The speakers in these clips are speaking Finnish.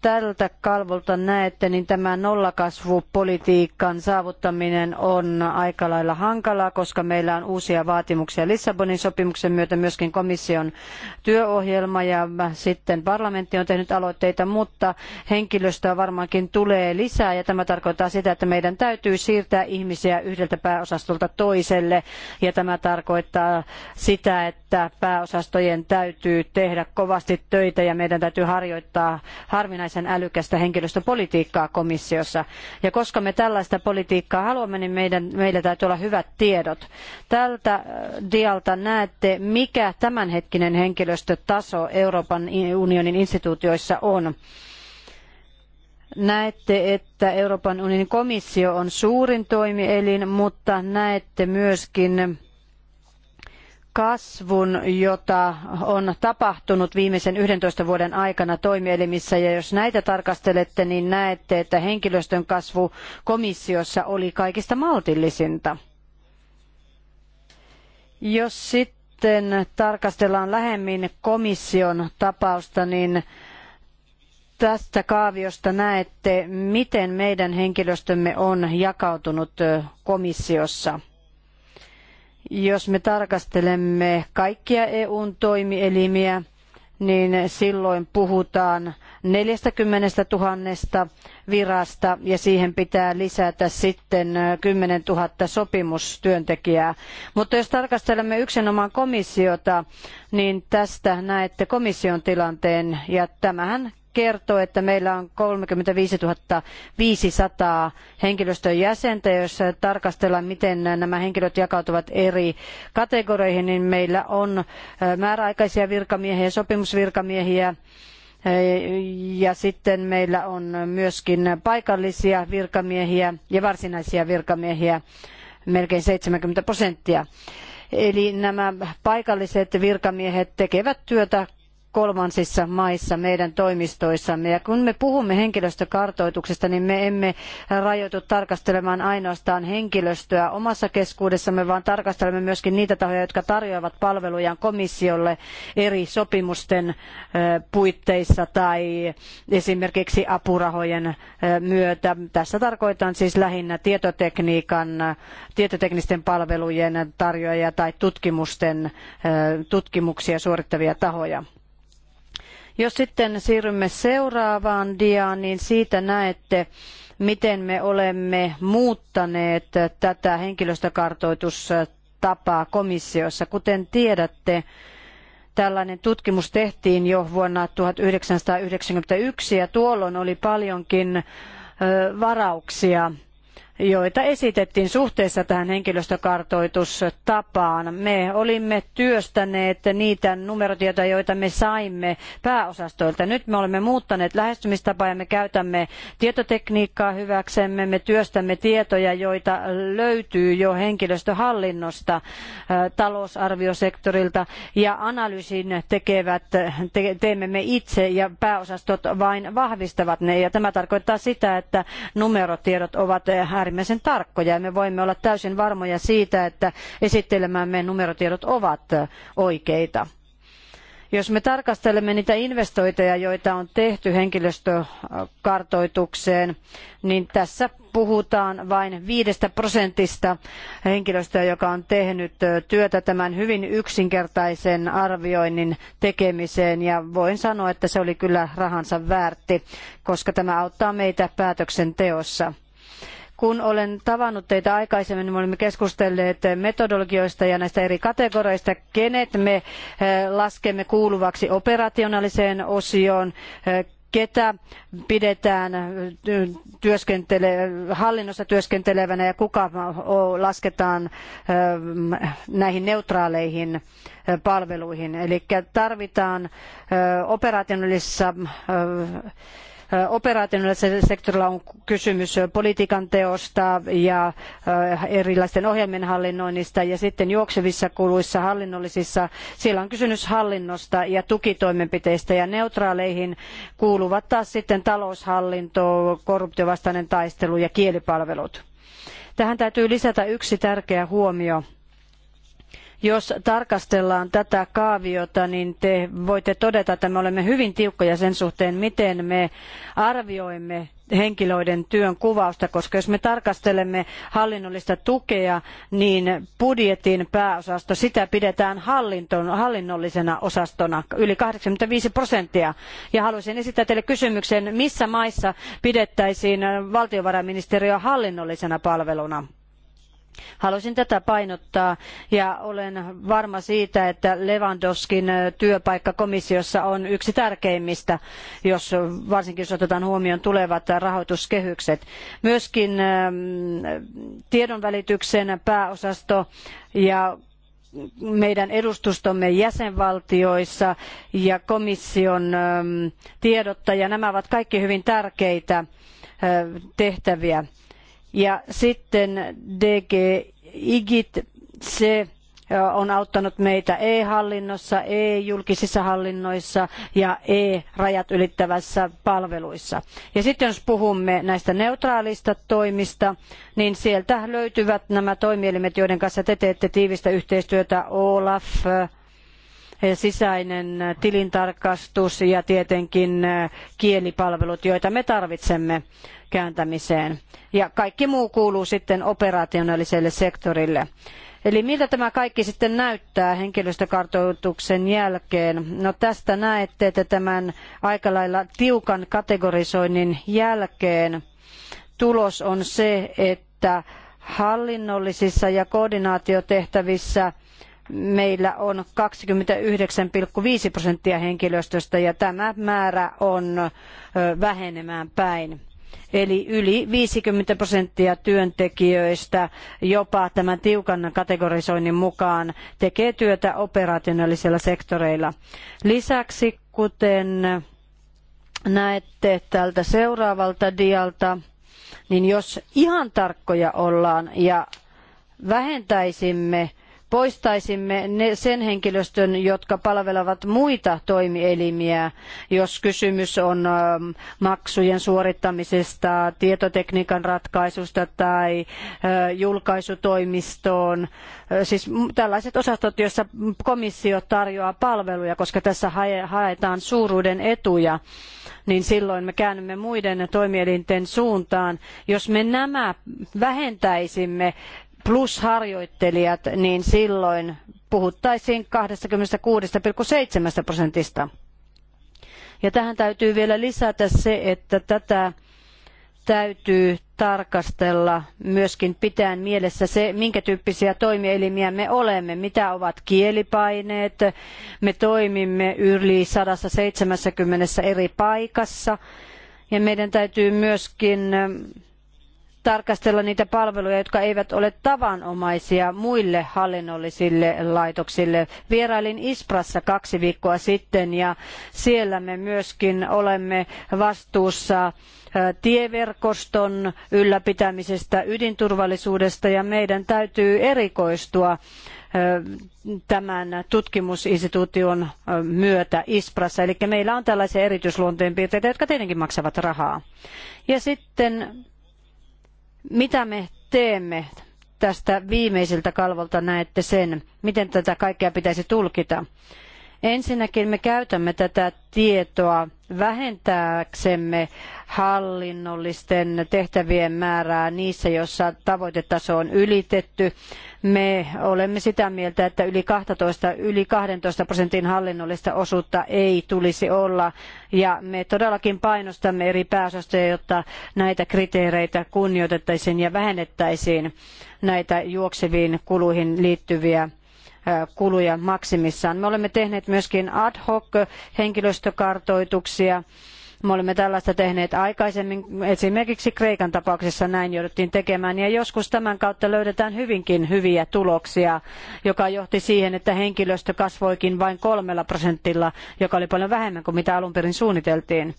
tältä kalvolta näette, niin tämä nollakasvupolitiikan saavuttaminen on aika lailla hankalaa, koska meillä on uusia vaatimuksia Lissabonin sopimuksen myötä myöskin komission työohjelma ja sitten parlamentti on tehnyt aloitteita, mutta henkilöstöä varmaankin tulee lisää ja tämä tarkoittaa sitä, että meidän täytyy siirtää ihmisiä yhdeltä pääosastolta toiselle ja tämä tarkoittaa sitä, että pääosastojen täytyy tehdä kovasti töitä ja meidän täytyy harjoittaa harvinaisia äärimmäisen älykästä henkilöstöpolitiikkaa komissiossa. Ja koska me tällaista politiikkaa haluamme, niin meidän, meillä täytyy olla hyvät tiedot. Tältä äh, dialta näette, mikä tämänhetkinen henkilöstötaso Euroopan unionin instituutioissa on näette, että Euroopan unionin komissio on suurin toimielin, mutta näette myöskin kasvun, jota on tapahtunut viimeisen 11 vuoden aikana toimielimissä. Ja jos näitä tarkastelette, niin näette, että henkilöstön kasvu komissiossa oli kaikista maltillisinta. Jos sitten tarkastellaan lähemmin komission tapausta, niin tästä kaaviosta näette, miten meidän henkilöstömme on jakautunut komissiossa – jos me tarkastelemme kaikkia EUn toimielimiä, niin silloin puhutaan 40 000 virasta ja siihen pitää lisätä sitten 10 000 sopimustyöntekijää. Mutta jos tarkastelemme yksinomaan komissiota, niin tästä näette komission tilanteen ja tämähän kertoo, että meillä on 35 500 henkilöstön jäsentä. Jos tarkastellaan, miten nämä henkilöt jakautuvat eri kategorioihin, niin meillä on määräaikaisia virkamiehiä, sopimusvirkamiehiä, ja sitten meillä on myöskin paikallisia virkamiehiä ja varsinaisia virkamiehiä melkein 70 prosenttia. Eli nämä paikalliset virkamiehet tekevät työtä kolmansissa maissa meidän toimistoissamme. Ja kun me puhumme henkilöstökartoituksesta, niin me emme rajoitu tarkastelemaan ainoastaan henkilöstöä omassa keskuudessamme, vaan tarkastelemme myöskin niitä tahoja, jotka tarjoavat palvelujaan komissiolle eri sopimusten puitteissa tai esimerkiksi apurahojen myötä. Tässä tarkoitan siis lähinnä tietotekniikan, tietoteknisten palvelujen tarjoajia tai tutkimusten, tutkimuksia suorittavia tahoja. Jos sitten siirrymme seuraavaan diaan, niin siitä näette, miten me olemme muuttaneet tätä henkilöstökartoitustapaa komissiossa. Kuten tiedätte, tällainen tutkimus tehtiin jo vuonna 1991 ja tuolloin oli paljonkin varauksia joita esitettiin suhteessa tähän henkilöstökartoitustapaan. Me olimme työstäneet niitä numerotietoja, joita me saimme pääosastoilta. Nyt me olemme muuttaneet lähestymistapaa ja me käytämme tietotekniikkaa hyväksemme. Me työstämme tietoja, joita löytyy jo henkilöstöhallinnosta, äh, talousarviosektorilta ja analyysin tekevät, te, teemme me itse ja pääosastot vain vahvistavat ne. Ja tämä tarkoittaa sitä, että numerotiedot ovat äärimmäisen äärimmäisen tarkkoja ja me voimme olla täysin varmoja siitä, että esittelemämme numerotiedot ovat oikeita. Jos me tarkastelemme niitä investointeja, joita on tehty henkilöstökartoitukseen, niin tässä puhutaan vain viidestä prosentista henkilöstöä, joka on tehnyt työtä tämän hyvin yksinkertaisen arvioinnin tekemiseen. Ja voin sanoa, että se oli kyllä rahansa väärti, koska tämä auttaa meitä päätöksenteossa. Kun olen tavannut teitä aikaisemmin, niin me olemme keskustelleet metodologioista ja näistä eri kategorioista, kenet me eh, laskemme kuuluvaksi operationaaliseen osioon, eh, ketä pidetään eh, työskentele, hallinnossa työskentelevänä ja kuka lasketaan näihin neutraaleihin palveluihin. Eli tarvitaan operationaalisessa operationaalisella sektorilla on kysymys politiikan teosta ja erilaisten ohjelmien hallinnoinnista ja sitten juoksevissa kuluissa hallinnollisissa siellä on kysymys hallinnosta ja tukitoimenpiteistä ja neutraaleihin kuuluvat taas sitten taloushallinto, korruptiovastainen taistelu ja kielipalvelut. Tähän täytyy lisätä yksi tärkeä huomio jos tarkastellaan tätä kaaviota, niin te voitte todeta, että me olemme hyvin tiukkoja sen suhteen, miten me arvioimme henkilöiden työn kuvausta, koska jos me tarkastelemme hallinnollista tukea, niin budjetin pääosasto, sitä pidetään hallinnollisena osastona yli 85 prosenttia. Ja haluaisin esittää teille kysymyksen, missä maissa pidettäisiin valtiovarainministeriö hallinnollisena palveluna? Haluaisin tätä painottaa ja olen varma siitä, että Lewandowskin työpaikka komissiossa on yksi tärkeimmistä, jos varsinkin jos otetaan huomioon tulevat rahoituskehykset. Myöskin tiedonvälityksen pääosasto ja meidän edustustomme jäsenvaltioissa ja komission tiedottaja, nämä ovat kaikki hyvin tärkeitä tehtäviä ja sitten DG IGIT, se on auttanut meitä e-hallinnossa, e-julkisissa hallinnoissa ja e-rajat ylittävässä palveluissa. Ja sitten jos puhumme näistä neutraalista toimista, niin sieltä löytyvät nämä toimielimet, joiden kanssa te teette tiivistä yhteistyötä, OLAF, Eh, sisäinen tilintarkastus ja tietenkin eh, kielipalvelut, joita me tarvitsemme kääntämiseen. Ja kaikki muu kuuluu sitten operationaaliselle sektorille. Eli miltä tämä kaikki sitten näyttää henkilöstökartoituksen jälkeen? No tästä näette, että tämän aika lailla tiukan kategorisoinnin jälkeen tulos on se, että hallinnollisissa ja koordinaatiotehtävissä meillä on 29,5 prosenttia henkilöstöstä ja tämä määrä on vähenemään päin. Eli yli 50 prosenttia työntekijöistä jopa tämän tiukan kategorisoinnin mukaan tekee työtä operationaalisilla sektoreilla. Lisäksi, kuten näette tältä seuraavalta dialta, niin jos ihan tarkkoja ollaan ja vähentäisimme poistaisimme ne, sen henkilöstön, jotka palvelevat muita toimielimiä, jos kysymys on ähm, maksujen suorittamisesta, tietotekniikan ratkaisusta tai äh, julkaisutoimistoon. Äh, siis tällaiset osastot, joissa komissio tarjoaa palveluja, koska tässä haetaan suuruuden etuja niin silloin me käännymme muiden toimielinten suuntaan. Jos me nämä vähentäisimme, plus harjoittelijat, niin silloin puhuttaisiin 26,7 prosentista. Ja tähän täytyy vielä lisätä se, että tätä täytyy tarkastella myöskin pitäen mielessä se, minkä tyyppisiä toimielimiä me olemme, mitä ovat kielipaineet. Me toimimme yli 170 eri paikassa ja meidän täytyy myöskin tarkastella niitä palveluja, jotka eivät ole tavanomaisia muille hallinnollisille laitoksille. Vierailin Isprassa kaksi viikkoa sitten ja siellä me myöskin olemme vastuussa tieverkoston ylläpitämisestä, ydinturvallisuudesta ja meidän täytyy erikoistua tämän tutkimusinstituution myötä Isprassa. Eli meillä on tällaisia erityisluonteen piirteitä, jotka tietenkin maksavat rahaa. Ja sitten mitä me teemme tästä viimeiseltä kalvolta näette sen, miten tätä kaikkea pitäisi tulkita. Ensinnäkin me käytämme tätä tietoa vähentääksemme hallinnollisten tehtävien määrää niissä, joissa tavoitetaso on ylitetty. Me olemme sitä mieltä, että yli 12, yli 12 prosentin hallinnollista osuutta ei tulisi olla. Ja me todellakin painostamme eri pääosastoja, jotta näitä kriteereitä kunnioitettaisiin ja vähennettäisiin näitä juokseviin kuluihin liittyviä kuluja maksimissaan. Me olemme tehneet myöskin ad hoc henkilöstökartoituksia. Me olemme tällaista tehneet aikaisemmin, esimerkiksi Kreikan tapauksessa näin jouduttiin tekemään, ja joskus tämän kautta löydetään hyvinkin hyviä tuloksia, joka johti siihen, että henkilöstö kasvoikin vain kolmella prosentilla, joka oli paljon vähemmän kuin mitä alun perin suunniteltiin.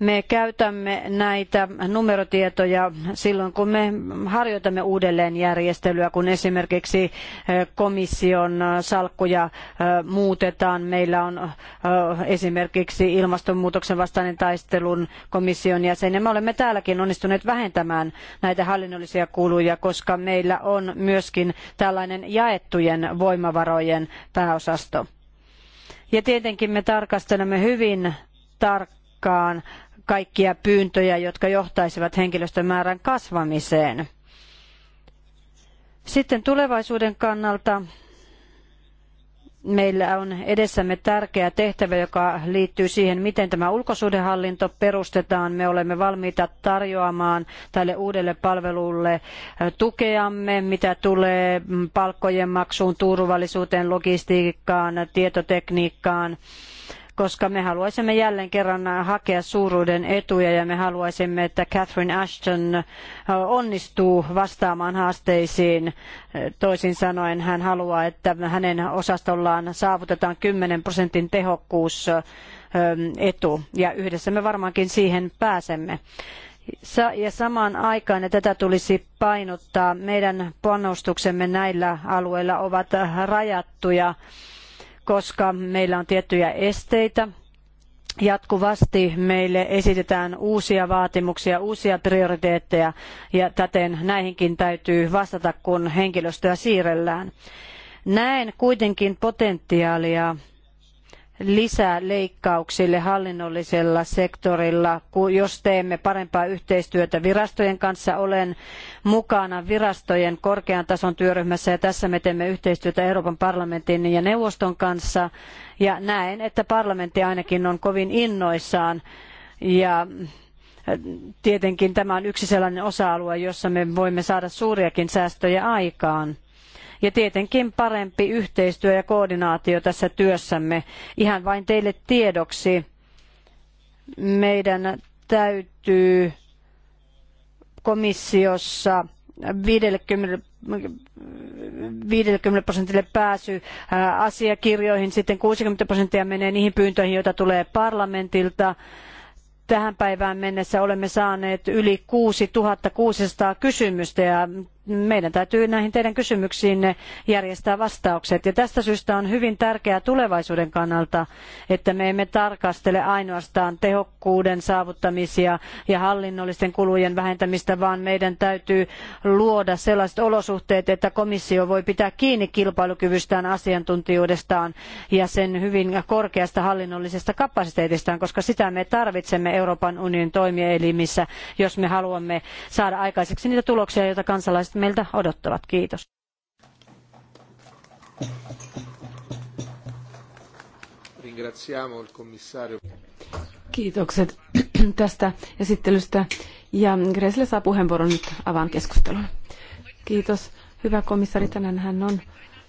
Me käytämme näitä numerotietoja silloin, kun me harjoitamme uudelleenjärjestelyä, kun esimerkiksi eh, komission salkkuja eh, muutetaan. Meillä on eh, esimerkiksi ilmastonmuutoksen vastainen taistelun komission jäsen. Ja me olemme täälläkin onnistuneet vähentämään näitä hallinnollisia kuluja, koska meillä on myöskin tällainen jaettujen voimavarojen pääosasto. Ja tietenkin me tarkastelemme hyvin tarkkaan tarkkaan kaikkia pyyntöjä, jotka johtaisivat henkilöstömäärän kasvamiseen. Sitten tulevaisuuden kannalta meillä on edessämme tärkeä tehtävä, joka liittyy siihen, miten tämä ulkosuhdehallinto perustetaan. Me olemme valmiita tarjoamaan tälle uudelle palvelulle tukeamme, mitä tulee mm, palkkojen maksuun, turvallisuuteen, logistiikkaan, tietotekniikkaan koska me haluaisimme jälleen kerran hakea suuruuden etuja ja me haluaisimme, että Catherine Ashton onnistuu vastaamaan haasteisiin. Toisin sanoen hän haluaa, että hänen osastollaan saavutetaan 10 prosentin tehokkuus etu ja yhdessä me varmaankin siihen pääsemme ja samaan aikaan, ja tätä tulisi painottaa, meidän panostuksemme näillä alueilla ovat rajattuja koska meillä on tiettyjä esteitä. Jatkuvasti meille esitetään uusia vaatimuksia, uusia prioriteetteja ja täten näihinkin täytyy vastata, kun henkilöstöä siirrellään. Näen kuitenkin potentiaalia lisäleikkauksille hallinnollisella sektorilla, jos teemme parempaa yhteistyötä virastojen kanssa. Olen mukana virastojen korkean tason työryhmässä ja tässä me teemme yhteistyötä Euroopan parlamentin ja neuvoston kanssa. Ja näen, että parlamentti ainakin on kovin innoissaan ja tietenkin tämä on yksi sellainen osa-alue, jossa me voimme saada suuriakin säästöjä aikaan ja tietenkin parempi yhteistyö ja koordinaatio tässä työssämme. Ihan vain teille tiedoksi meidän täytyy komissiossa 50 50 prosentille pääsy asiakirjoihin, sitten 60 prosenttia menee niihin pyyntöihin, joita tulee parlamentilta. Tähän päivään mennessä olemme saaneet yli 6600 kysymystä ja meidän täytyy näihin teidän kysymyksiin järjestää vastaukset. Ja tästä syystä on hyvin tärkeää tulevaisuuden kannalta, että me emme tarkastele ainoastaan tehokkuuden saavuttamisia ja hallinnollisten kulujen vähentämistä, vaan meidän täytyy luoda sellaiset olosuhteet, että komissio voi pitää kiinni kilpailukyvystään, asiantuntijuudestaan ja sen hyvin korkeasta hallinnollisesta kapasiteetistaan, koska sitä me tarvitsemme Euroopan unionin toimielimissä, jos me haluamme saada aikaiseksi niitä tuloksia, joita kansalaiset kansalaiset meiltä odottavat. Kiitos. Kiitokset tästä esittelystä. Ja Gresle saa puheenvuoron nyt avaan keskustelun. Kiitos. Hyvä komissari, tänään hän on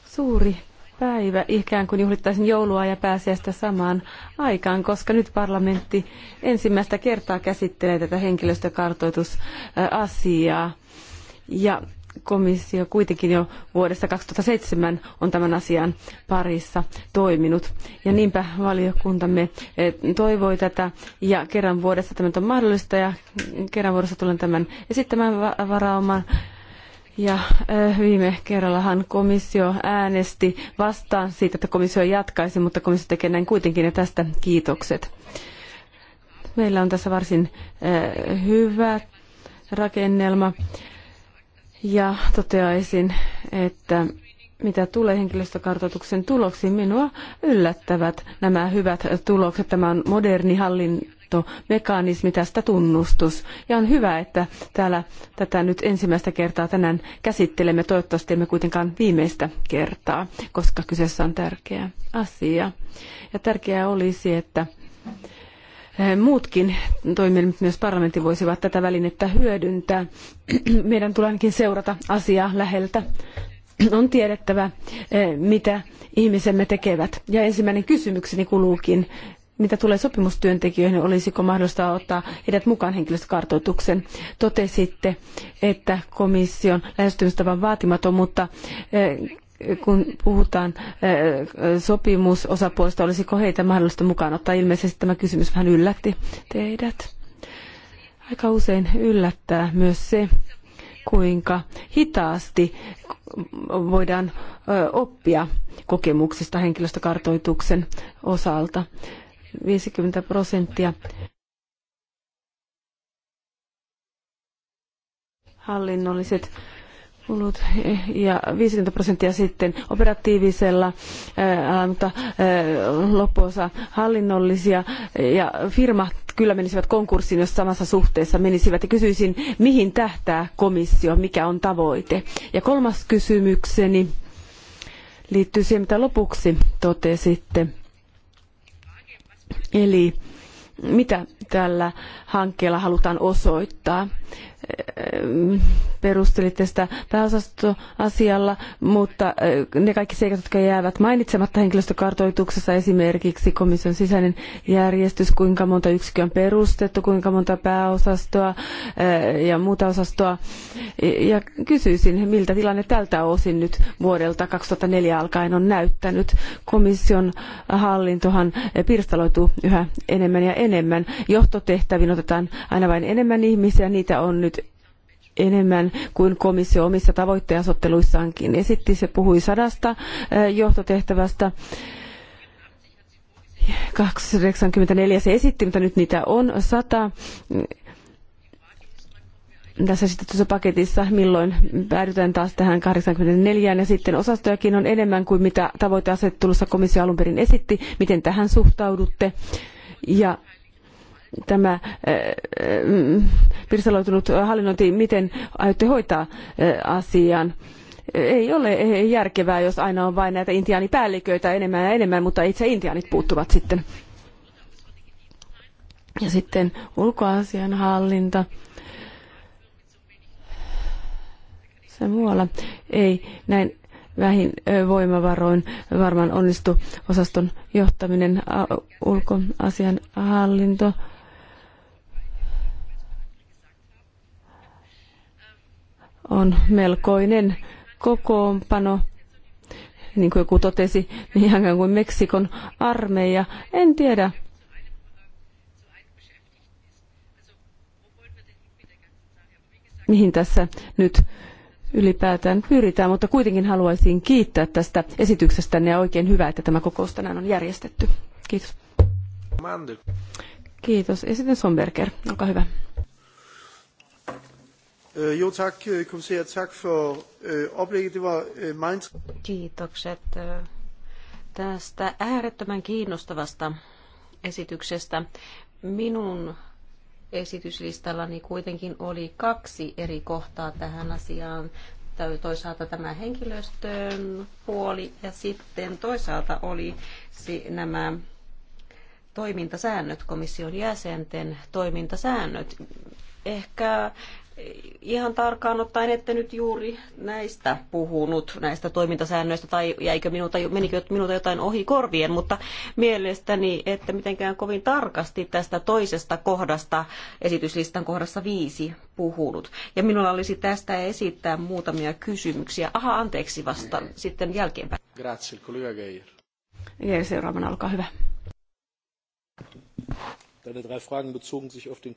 suuri päivä, ikään kuin juhlittaisin joulua ja pääsiäistä samaan aikaan, koska nyt parlamentti ensimmäistä kertaa käsittelee tätä henkilöstökartoitusasiaa. Ja komissio kuitenkin jo vuodesta 2007 on tämän asian parissa toiminut. Ja niinpä valiokuntamme eh, toivoi tätä ja kerran vuodessa tämä on mahdollista ja kerran vuodessa tulen tämän esittämään varaumaan. Ja eh, viime kerrallahan komissio äänesti vastaan siitä, että komissio jatkaisi, mutta komissio tekee näin kuitenkin ja tästä kiitokset. Meillä on tässä varsin eh, hyvä rakennelma ja toteaisin, että mitä tulee henkilöstökartoituksen tuloksiin, minua yllättävät nämä hyvät tulokset. Tämä on moderni hallintomekanismi, tästä tunnustus. Ja on hyvä, että täällä tätä nyt ensimmäistä kertaa tänään käsittelemme. Toivottavasti emme kuitenkaan viimeistä kertaa, koska kyseessä on tärkeä asia. Ja tärkeää olisi, että Eh, muutkin toimielimet, myös parlamentti voisivat tätä välinettä hyödyntää. Meidän tuleekin seurata asiaa läheltä. On tiedettävä, eh, mitä ihmisemme tekevät. Ja ensimmäinen kysymykseni kuluukin, mitä tulee sopimustyöntekijöihin, olisiko mahdollista ottaa heidät mukaan henkilöstökartoituksen. Totesitte, että komission lähestymistavan vaatimaton, mutta eh, kun puhutaan eh, sopimusosapuolista, olisiko heitä mahdollista mukaan ottaa? Ilmeisesti tämä kysymys vähän yllätti teidät. Aika usein yllättää myös se, kuinka hitaasti voidaan eh, oppia kokemuksista henkilöstökartoituksen osalta. 50 prosenttia hallinnolliset kulut eh, ja 50 prosenttia sitten operatiivisella, eh, mutta eh, loppuosa hallinnollisia ja firmat kyllä menisivät konkurssiin, jos samassa suhteessa menisivät. Ja kysyisin, mihin tähtää komissio, mikä on tavoite? Ja kolmas kysymykseni liittyy siihen, mitä lopuksi totesitte. Eli mitä tällä hankkeella halutaan osoittaa. Perustelitte sitä pääosastoasialla, mutta äh, ne kaikki seikat, jotka jäävät mainitsematta henkilöstökartoituksessa, esimerkiksi komission sisäinen järjestys, kuinka monta yksikköä on perustettu, kuinka monta pääosastoa äh, ja muuta osastoa. Ja kysyisin, miltä tilanne tältä osin nyt vuodelta 2004 alkaen on näyttänyt. Komission hallintohan pirstaloituu yhä enemmän ja enemmän enemmän. Johtotehtäviin otetaan aina vain enemmän ihmisiä, niitä on nyt enemmän kuin komissio omissa tavoitteenasetteluissaankin esitti. Se puhui sadasta eh, johtotehtävästä. 294 se esitti, mutta nyt niitä on 100 tässä esitetyssä paketissa, milloin päädytään taas tähän 84 ja sitten osastojakin on enemmän kuin mitä tavoiteasettelussa komissio alun perin esitti. Miten tähän suhtaudutte? Ja tämä äh, äh, pirstaloitunut hallinnointi, miten aiotte hoitaa äh, asian? Ei ole järkevää, jos aina on vain näitä intiaanipäälliköitä enemmän ja enemmän, mutta itse intiaanit puuttuvat sitten. Ja sitten ulkoasianhallinta. Se muualla ei näin vähin voimavaroin varmaan onnistu osaston johtaminen ulkoasianhallinto. hallinto on melkoinen kokoonpano niin kuin joku totesi, niin ihan kuin Meksikon armeija. En tiedä. mihin tässä nyt ylipäätään pyritään, mutta kuitenkin haluaisin kiittää tästä esityksestä, ja oikein hyvä, että tämä kokous tänään on järjestetty. Kiitos. Kiitos. Esitän Sonberger, olkaa hyvä. Øh, jo, tak, øh, komissarie, tak for øh, oplægget. Det var meget... Kiitokset tästä äärettömän kiinnostavasta esityksestä. Minun esityslistallani kuitenkin oli kaksi eri kohtaa tähän asiaan. Toisaalta tämä henkilöstön puoli ja sitten toisaalta oli nämä toimintasäännöt, komission jäsenten toimintasäännöt. Ehkä ihan tarkkaan ottaen että nyt juuri näistä puhunut, näistä toimintasäännöistä, tai jäikö minulta, menikö minulta jotain ohi korvien, mutta mielestäni että mitenkään kovin tarkasti tästä toisesta kohdasta, esityslistan kohdassa viisi, puhunut. Ja minulla olisi tästä esittää muutamia kysymyksiä. Aha, anteeksi vasta sitten jälkeenpäin. Grazie, kollega Geir. Geir, seuraavana, olkaa hyvä. Deine drei Fragen bezogen sich auf den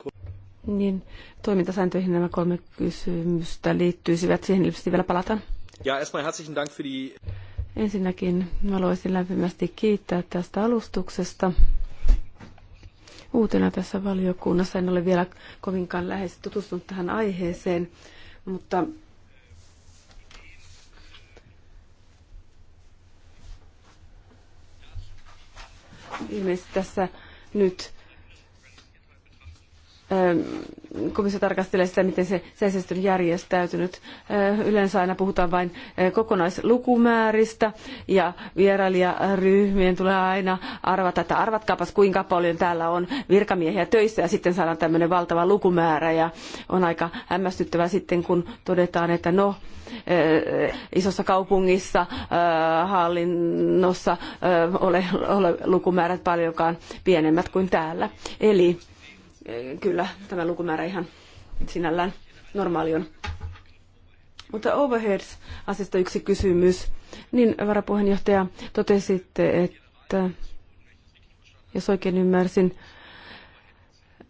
niin toimintasääntöihin nämä kolme kysymystä liittyisivät. Siihen ilmeisesti vielä palataan. Ja erstmal herzlichen Dank für die... Ensinnäkin haluaisin lämpimästi kiittää tästä alustuksesta. Uutena tässä valiokunnassa en ole vielä kovinkaan läheisesti tutustunut tähän aiheeseen, mutta ilmeisesti tässä nyt komissio tarkastelee sitä, miten se sisäisesti on järjestäytynyt. Öh, yleensä aina puhutaan vain kokonaislukumääristä ja vierailijaryhmien tulee aina arvata, että arvatkaapas kuinka paljon täällä on virkamiehiä töissä ja sitten saadaan tämmöinen valtava lukumäärä ja on aika hämmästyttävää sitten, kun todetaan, että no isossa kaupungissa hallinnossa ole, ole lukumäärät paljonkaan pienemmät kuin täällä. Eli Eh, kyllä tämä lukumäärä ihan sinällään normaali on. Mutta overheads asiasta yksi kysymys. Niin, varapuheenjohtaja, totesitte, että jos oikein ymmärsin,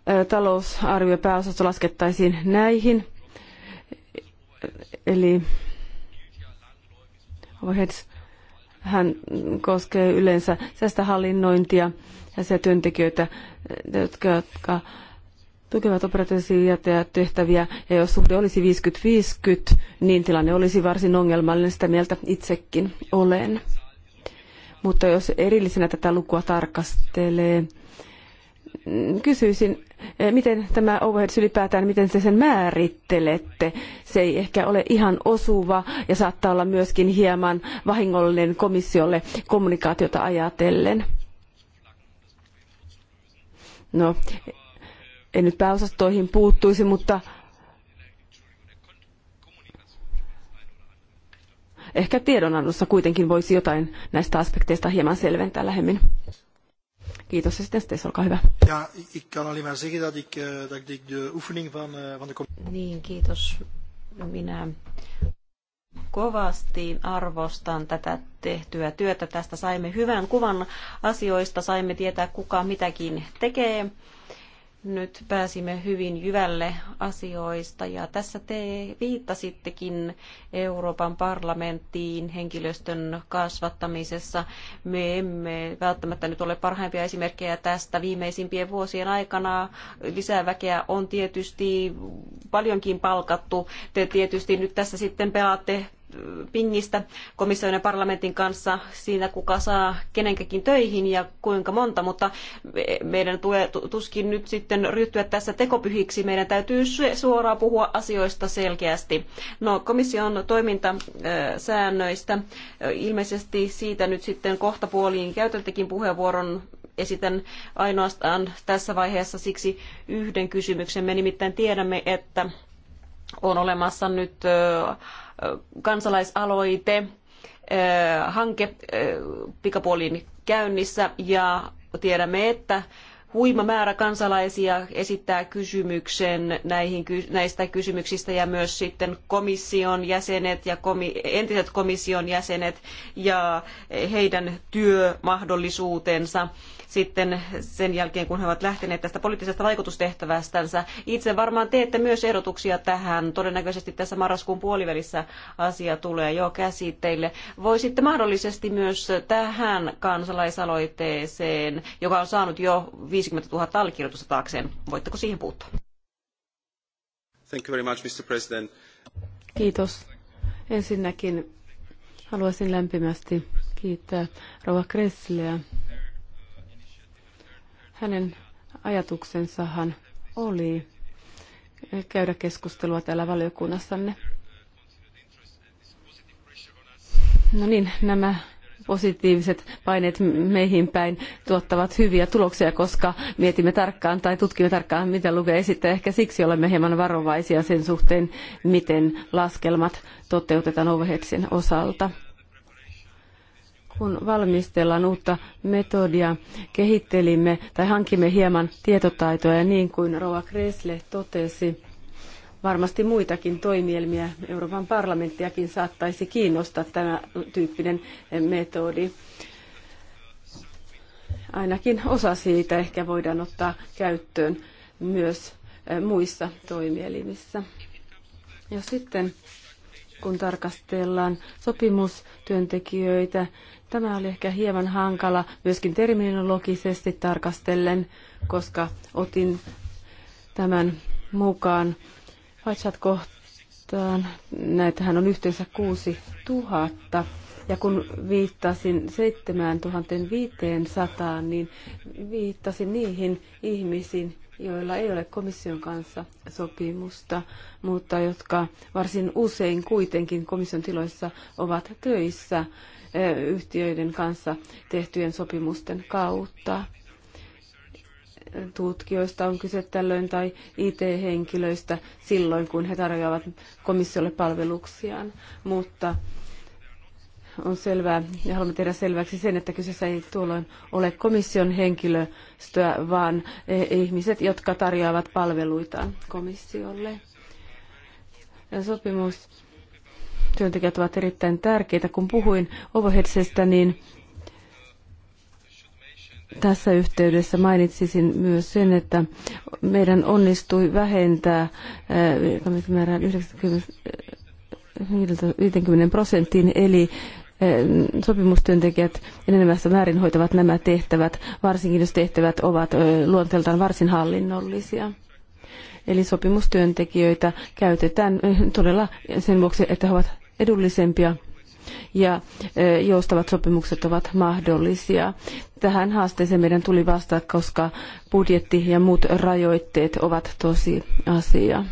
eh, talousarvio pääosasta laskettaisiin näihin. Eh, eli overheads hän koskee yleensä säästähallinnointia hallinnointia ja se työntekijöitä, jotka, jotka tukevat operatiivisia tehtäviä, ja jos suhde olisi 50-50, niin tilanne olisi varsin ongelmallinen, sitä mieltä itsekin olen. Mutta jos erillisenä tätä lukua tarkastelee, mm, kysyisin, eh, miten tämä overheads ylipäätään, miten te sen määrittelette? Se ei ehkä ole ihan osuva ja saattaa olla myöskin hieman vahingollinen komissiolle kommunikaatiota ajatellen. No, en nyt pääosastoihin puuttuisi, mutta ehkä tiedonannossa kuitenkin voisi jotain näistä aspekteista hieman selventää lähemmin. Kiitos ja sitten Stes, olkaa hyvä. Ja, ik kan alleen maar zeggen dat ik, eh, dat ik de oefening van, eh, van de Niin, kiitos. Minä kovasti arvostan tätä tehtyä työtä. Tästä saimme hyvän kuvan asioista, saimme tietää kuka mitäkin tekee nyt pääsimme hyvin jyvälle asioista ja tässä te viittasittekin Euroopan parlamenttiin henkilöstön kasvattamisessa. Me emme välttämättä nyt ole parhaimpia esimerkkejä tästä. Viimeisimpien vuosien aikana väkeä on tietysti paljonkin palkattu. Te tietysti nyt tässä sitten pelaatte pingistä komission ja parlamentin kanssa siinä, kuka saa kenenkäkin töihin ja kuinka monta, mutta meidän tulee tuskin nyt sitten ryhtyä tässä tekopyhiksi. Meidän täytyy suoraan puhua asioista selkeästi. No, komission toimintasäännöistä ilmeisesti siitä nyt sitten kohta puoliin puheenvuoron esitän ainoastaan tässä vaiheessa siksi yhden kysymyksen. Me nimittäin tiedämme, että on olemassa nyt kansalaisaloite, hanke pikapuoliin käynnissä ja tiedämme, että huima määrä kansalaisia esittää kysymyksen näihin, näistä kysymyksistä ja myös sitten komission jäsenet ja entiset komission jäsenet ja heidän työmahdollisuutensa sitten sen jälkeen, kun he ovat lähteneet tästä poliittisesta vaikutustehtävästänsä. Itse varmaan teette myös ehdotuksia tähän. Todennäköisesti tässä marraskuun puolivälissä asia tulee jo käsitteille. Voisitte mahdollisesti myös tähän kansalaisaloitteeseen, joka on saanut jo 5 50 000 allekirjoitusta taakseen. Voitteko siihen puuttua? Thank you very much, Mr. President. Kiitos. Ensinnäkin haluaisin lämpimästi kiittää Rova Kressleä. Hänen ajatuksensahan oli käydä keskustelua täällä valiokunnassanne. No niin, nämä positiiviset paineet meihin päin tuottavat hyviä tuloksia, koska mietimme tarkkaan tai tutkimme tarkkaan, mitä lukee esittää. Ehkä siksi olemme hieman varovaisia sen suhteen, miten laskelmat toteutetaan overheadsin osalta kun valmistellaan uutta metodia, kehittelimme tai hankimme hieman tietotaitoja ja niin kuin Rova Kresle totesi, varmasti muitakin toimielmiä, Euroopan parlamenttiakin saattaisi kiinnostaa tämä tyyppinen metodi. Ainakin osa siitä ehkä voidaan ottaa käyttöön myös eh, muissa toimielimissä. Ja sitten kun tarkastellaan sopimustyöntekijöitä, tämä oli ehkä hieman hankala myöskin terminologisesti tarkastellen, koska otin tämän mukaan Fatsat kohtaan. Näitähän on yhteensä 6000. Ja kun viittasin 7500, niin viittasin niihin ihmisiin, joilla ei ole komission kanssa sopimusta, mutta jotka varsin usein kuitenkin komission tiloissa ovat töissä eh, yhtiöiden kanssa tehtyjen sopimusten kautta tutkijoista on kyse tällöin tai IT-henkilöistä silloin, kun he tarjoavat komissiolle palveluksiaan. Mutta on selvää ja haluamme tehdä selväksi sen, että kyseessä ei tuolloin ole komission henkilöstöä, vaan e, ihmiset, jotka tarjoavat palveluitaan komissiolle. Ja sopimus työntekijät ovat erittäin tärkeitä. Kun puhuin overheadsestä, niin tässä yhteydessä mainitsisin myös sen, että meidän onnistui vähentää eh, määrää 90 eh, prosenttiin, eli eh, sopimustyöntekijät enenevässä määrin hoitavat nämä tehtävät, varsinkin jos tehtävät ovat luonteeltaan varsin hallinnollisia. Eli sopimustyöntekijöitä käytetään todella sen vuoksi, että he ovat edullisempia ja joustavat sopimukset ovat mahdollisia. Tähän haasteeseen meidän tuli vastata, koska budjetti ja muut rajoitteet ovat tosi asia.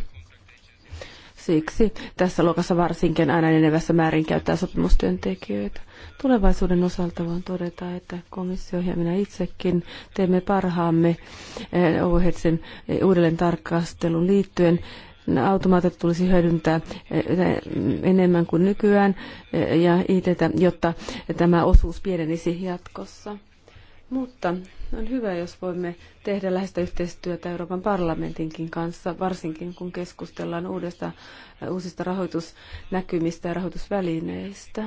Siksi tässä luokassa varsinkin aina enenevässä määrin käyttää sopimustyöntekijöitä. Tulevaisuuden osalta voin todeta, että komissio ja minä itsekin teemme parhaamme Overheadsin uudelleen tarkastelun liittyen No, automaatit tulisi hyödyntää eh, enemmän kuin nykyään eh, ja it, jotta tämä osuus pienenisi jatkossa. Mutta on hyvä, jos voimme tehdä läheistä yhteistyötä Euroopan parlamentinkin kanssa, varsinkin kun keskustellaan uudesta, uusista rahoitusnäkymistä ja rahoitusvälineistä.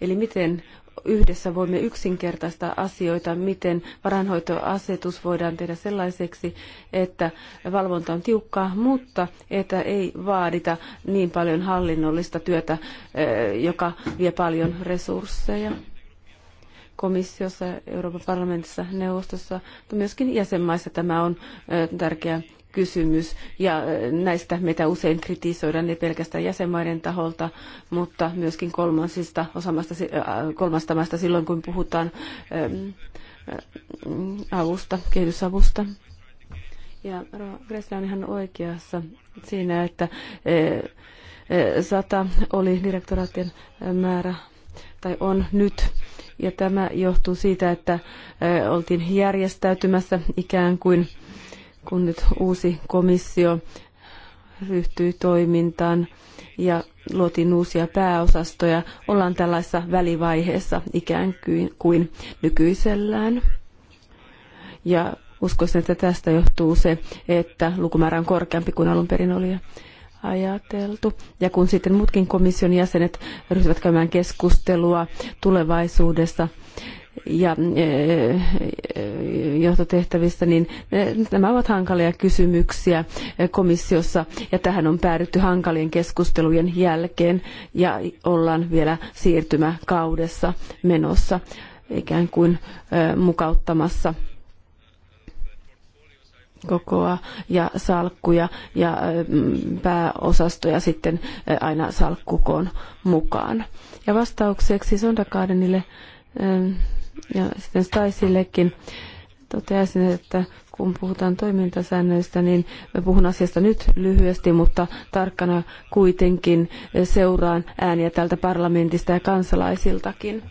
Eli miten yhdessä voimme yksinkertaistaa asioita, miten varainhoitoasetus voidaan tehdä sellaiseksi, että valvonta on tiukkaa, mutta että ei vaadita niin paljon hallinnollista työtä, eh, joka vie paljon resursseja komissiossa, Euroopan parlamentissa, neuvostossa, mutta myöskin jäsenmaissa tämä on tärkeä kysymys ja näistä meitä usein kritisoidaan ei pelkästään jäsenmaiden taholta, mutta myöskin kolmansista, osamasta, kolmasta maasta silloin, kun puhutaan avusta, kehitysavusta. Ja Gressler on ihan oikeassa siinä, että sata oli direktoraattien määrä tai on nyt. Ja tämä johtuu siitä, että oltiin järjestäytymässä ikään kuin, kun nyt uusi komissio ryhtyi toimintaan ja luotiin uusia pääosastoja. Ollaan tällaisessa välivaiheessa ikään kuin nykyisellään. Ja uskoisin, että tästä johtuu se, että lukumäärä on korkeampi kuin alun perin oli ajateltu. Ja kun sitten muutkin komission jäsenet ryhtyvät käymään keskustelua tulevaisuudessa ja eh, johtotehtävissä, niin eh, nämä ovat hankalia kysymyksiä eh, komissiossa ja tähän on päädytty hankalien keskustelujen jälkeen ja ollaan vielä siirtymäkaudessa menossa ikään kuin mukauttamassa – kokoa ja salkkuja ja mm, pääosastoja sitten aina salkkukoon mukaan. Ja vastaukseksi Sondakaadenille ja sitten Staisillekin toteaisin, että kun puhutaan toimintasäännöistä, niin puhun asiasta nyt lyhyesti, mutta tarkkana kuitenkin seuraan ääniä tältä parlamentista ja kansalaisiltakin.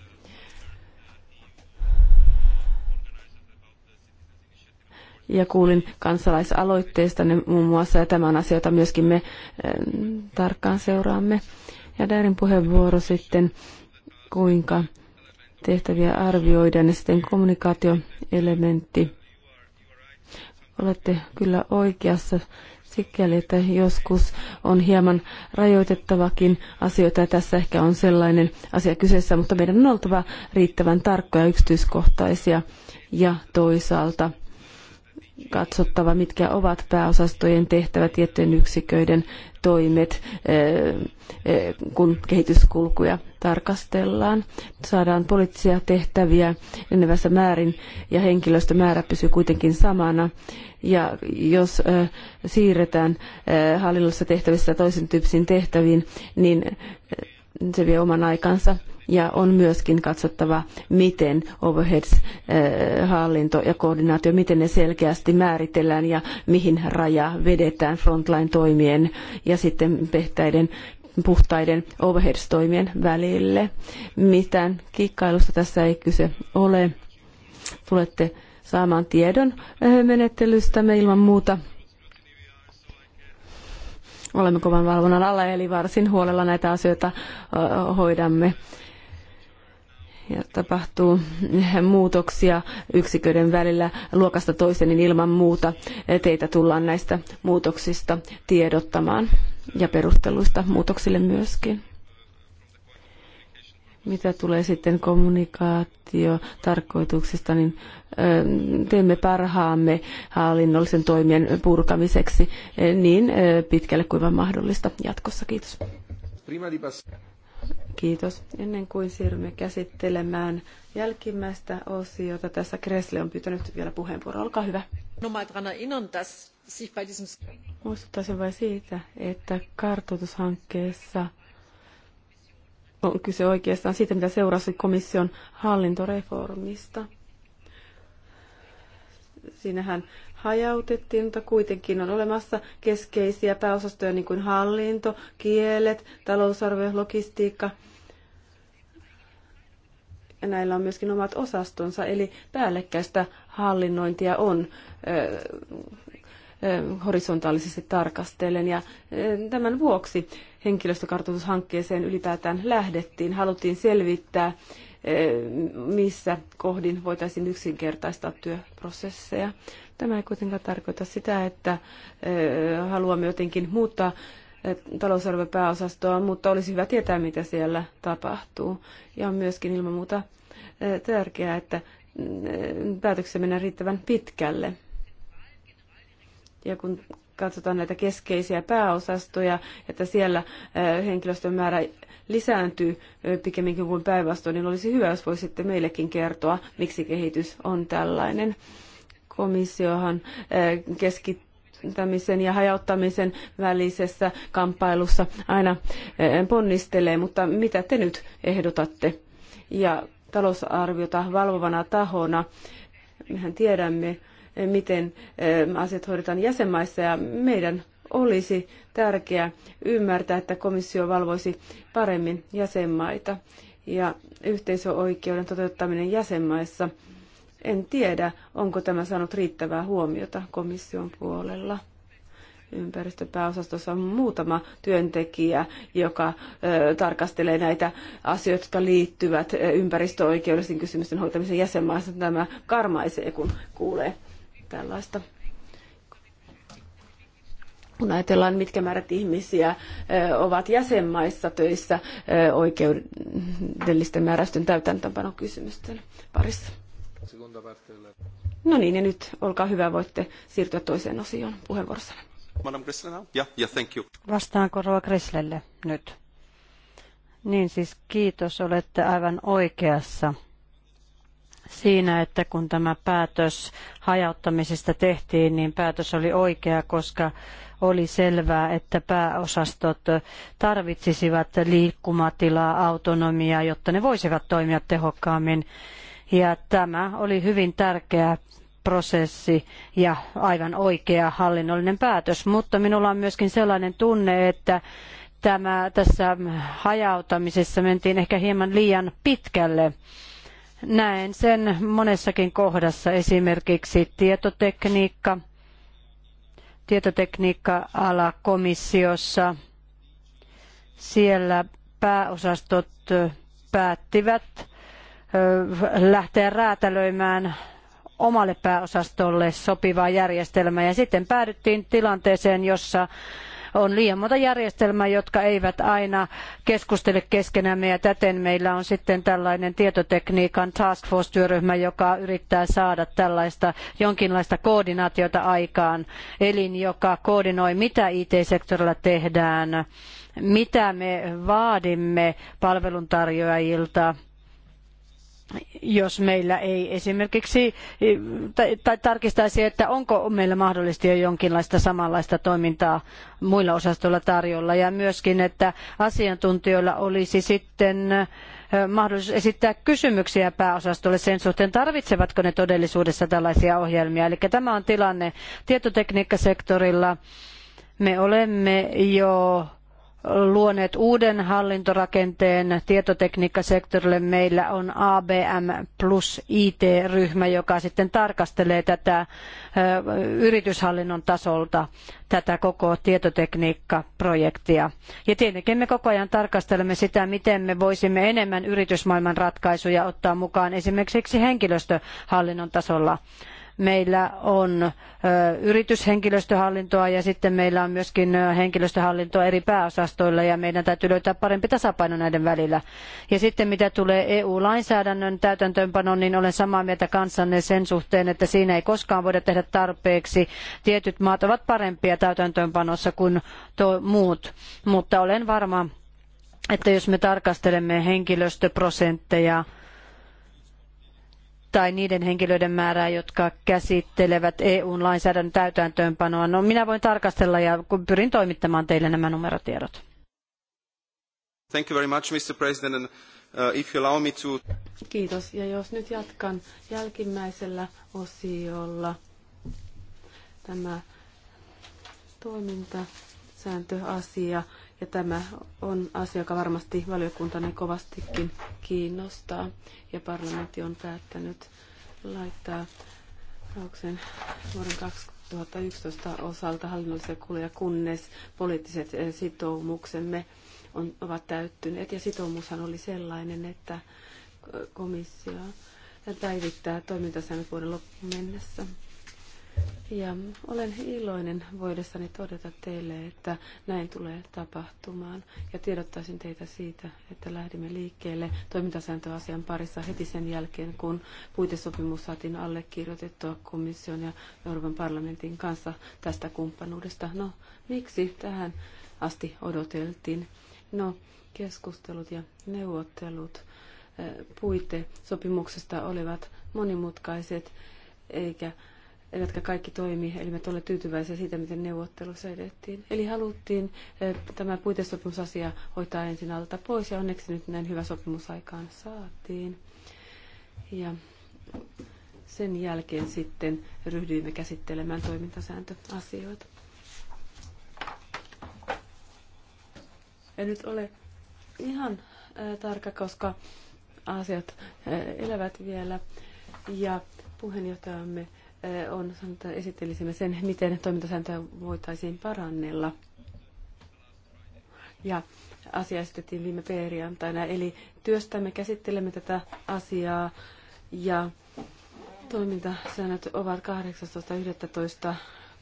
ja kuulin kansalaisaloitteesta muun muassa, ja tämä on asia, jota myöskin me eh, tarkkaan seuraamme. Ja Dairin puheenvuoro sitten, kuinka tehtäviä arvioidaan, ja sitten kommunikaatioelementti. Olette kyllä oikeassa sikäli, että joskus on hieman rajoitettavakin asioita ja tässä ehkä on sellainen asia kyseessä, mutta meidän on oltava riittävän tarkkoja yksityiskohtaisia ja toisaalta – katsottava, mitkä ovat pääosastojen tehtävät, tiettyjen yksiköiden toimet, eh, eh, kun kehityskulkuja tarkastellaan. Saadaan poliittisia tehtäviä enenevässä määrin ja henkilöstömäärä pysyy kuitenkin samana. Ja jos eh, siirretään hallinnollisissa tehtävissä toisen tyyppisiin tehtäviin, niin se vie oman aikansa ja on myöskin katsottava, miten overheads-hallinto eh, ja koordinaatio, miten ne selkeästi määritellään ja mihin raja vedetään frontline-toimien ja sitten pehtäiden puhtaiden overheads-toimien välille. Mitään kikkailusta tässä ei kyse ole. Tulette saamaan tiedon eh, menettelystämme ilman muuta olemme kovan valvonnan alla, eli varsin huolella näitä asioita hoidamme. Ja tapahtuu muutoksia yksiköiden välillä luokasta toiseen, niin ilman muuta teitä tullaan näistä muutoksista tiedottamaan ja perusteluista muutoksille myöskin. Mitä tulee sitten kommunikaatio tarkoituksesta, niin teemme parhaamme hallinnollisen toimien purkamiseksi niin pitkälle kuin vain mahdollista jatkossa. Kiitos. Kiitos. Ennen kuin siirrymme käsittelemään jälkimmäistä osiota, tässä Kresle on pyytänyt vielä puheenvuoro. Olkaa hyvä. Muistuttaisin vain siitä, että kartoitushankkeessa – on kyse oikeastaan siitä, mitä seurasi komission hallintoreformista. Siinähän hajautettiin, mutta kuitenkin on olemassa keskeisiä pääosastoja, niin kuin hallinto, kielet, talousarvio, logistiikka. Ja näillä on myöskin omat osastonsa, eli päällekkäistä hallinnointia on horisontaalisesti tarkastellen. Ja tämän vuoksi henkilöstökartoitushankkeeseen ylipäätään lähdettiin. Haluttiin selvittää, missä kohdin voitaisiin yksinkertaistaa työprosesseja. Tämä ei kuitenkaan tarkoita sitä, että haluamme jotenkin muuttaa talousarvopääosastoa, mutta olisi hyvä tietää, mitä siellä tapahtuu. Ja on myöskin ilman muuta tärkeää, että päätöksemme mennään riittävän pitkälle. Ja kun katsotaan näitä keskeisiä pääosastoja, että siellä henkilöstön määrä lisääntyy pikemminkin kuin päinvastoin, niin olisi hyvä, jos voisitte meillekin kertoa, miksi kehitys on tällainen. Komissiohan keskittyy ja hajauttamisen välisessä kamppailussa aina ponnistelee, mutta mitä te nyt ehdotatte? Ja talousarviota valvovana tahona, mehän tiedämme, miten ähm, asiat hoidetaan jäsenmaissa ja meidän olisi tärkeää ymmärtää, että komissio valvoisi paremmin jäsenmaita ja yhteisöoikeuden toteuttaminen jäsenmaissa. En tiedä, onko tämä saanut riittävää huomiota komission puolella ympäristöpääosastossa on muutama työntekijä, joka ö, tarkastelee näitä asioita, jotka liittyvät ympäristöoikeudellisten kysymysten hoitamiseen jäsenmaissa. Tämä karmaisee, kun kuulee tällaista. Kun ajatellaan, mitkä määrät ihmisiä ovat jäsenmaissa töissä oikeudellisten määräysten kysymysten parissa. No niin, ja nyt olkaa hyvä, voitte siirtyä toiseen osioon puheenvuorossa. Madam Gressler yeah, yeah, thank you. Vastaanko Rova Gresslelle nyt? Niin siis kiitos, olette aivan oikeassa siinä, että kun tämä päätös hajauttamisesta tehtiin, niin päätös oli oikea, koska oli selvää, että pääosastot tarvitsisivat liikkumatilaa, autonomiaa, jotta ne voisivat toimia tehokkaammin. Ja tämä oli hyvin tärkeä prosessi ja aivan oikea hallinnollinen päätös, mutta minulla on myöskin sellainen tunne, että tämä, tässä hajautamisessa mentiin ehkä hieman liian pitkälle Näen sen monessakin kohdassa, esimerkiksi tietotekniikka, tietotekniikka-ala komissiossa. Siellä pääosastot päättivät lähteä räätälöimään omalle pääosastolle sopivaa järjestelmää ja sitten päädyttiin tilanteeseen, jossa on liian monta järjestelmää, jotka eivät aina keskustele keskenämme ja täten meillä on sitten tällainen tietotekniikan task force-työryhmä, joka yrittää saada tällaista jonkinlaista koordinaatiota aikaan, elin joka koordinoi mitä IT-sektorilla tehdään, mitä me vaadimme palveluntarjoajilta, jos meillä ei esimerkiksi tai tarkistaisi, että onko meillä mahdollisesti jo jonkinlaista samanlaista toimintaa muilla osastoilla tarjolla ja myöskin, että asiantuntijoilla olisi sitten mahdollisuus esittää kysymyksiä pääosastolle sen suhteen, tarvitsevatko ne todellisuudessa tällaisia ohjelmia. Eli tämä on tilanne tietotekniikkasektorilla. Me olemme jo luoneet uuden hallintorakenteen tietotekniikkasektorille. Meillä on ABM plus IT-ryhmä, joka sitten tarkastelee tätä yrityshallinnon tasolta tätä koko tietotekniikkaprojektia. Ja tietenkin me koko ajan tarkastelemme sitä, miten me voisimme enemmän yritysmaailman ratkaisuja ottaa mukaan esimerkiksi henkilöstöhallinnon tasolla meillä on yrityshenkilöstöhallintoa ja sitten meillä on myöskin henkilöstöhallintoa eri pääosastoilla ja meidän täytyy löytää parempi tasapaino näiden välillä. Ja sitten mitä tulee EU-lainsäädännön täytäntöönpanoon, niin olen samaa mieltä kanssanne sen suhteen, että siinä ei koskaan voida tehdä tarpeeksi. Tietyt maat ovat parempia täytäntöönpanossa kuin muut, mutta olen varma, että jos me tarkastelemme henkilöstöprosentteja, tai niiden henkilöiden määrää, jotka käsittelevät eu lainsäädännön täytäntöönpanoa. No, minä voin tarkastella ja pyrin toimittamaan teille nämä numerotiedot. Thank you very much, Mr. President. And, uh, if you allow me to... Kiitos. Ja jos nyt jatkan jälkimmäisellä osiolla tämä toimintasääntöasia ja tämä on asia, joka varmasti valiokuntani kovastikin kiinnostaa. Ja parlamentti on päättänyt laittaa rauksen vuoden 2011 osalta hallinnollisia kuluja, kunnes poliittiset eh, sitoumuksemme on, ovat täyttyneet. Ja sitoumushan oli sellainen, että komissio päivittää toimintasäännöt vuoden loppuun mennessä. Ja olen iloinen voidessani todeta teille, että näin tulee tapahtumaan. Ja tiedottaisin teitä siitä, että lähdimme liikkeelle toimintasääntöasian parissa heti sen jälkeen, kun puitesopimus saatiin allekirjoitettua komission ja Euroopan parlamentin kanssa tästä kumppanuudesta. No, miksi tähän asti odoteltiin? No, keskustelut ja neuvottelut eh, puitesopimuksesta olivat monimutkaiset, eikä eivätkä kaikki toimi, eli me olemme tyytyväisiä siitä, miten neuvottelussa edettiin. Eli haluttiin eh, tämä puitesopimusasia hoitaa ensin alta pois, ja onneksi nyt näin hyvä sopimus aikaan saatiin. Ja sen jälkeen sitten ryhdyimme käsittelemään toimintasääntöasioita. En nyt ole ihan eh, tarkka, koska asiat eh, elävät vielä. Ja puheenjohtajamme on, että esittelisimme sen, miten toimintasääntöä voitaisiin parannella. Ja asia esitettiin viime perjantaina, eli työstämme, käsittelemme tätä asiaa ja toimintasäännöt ovat 18.11.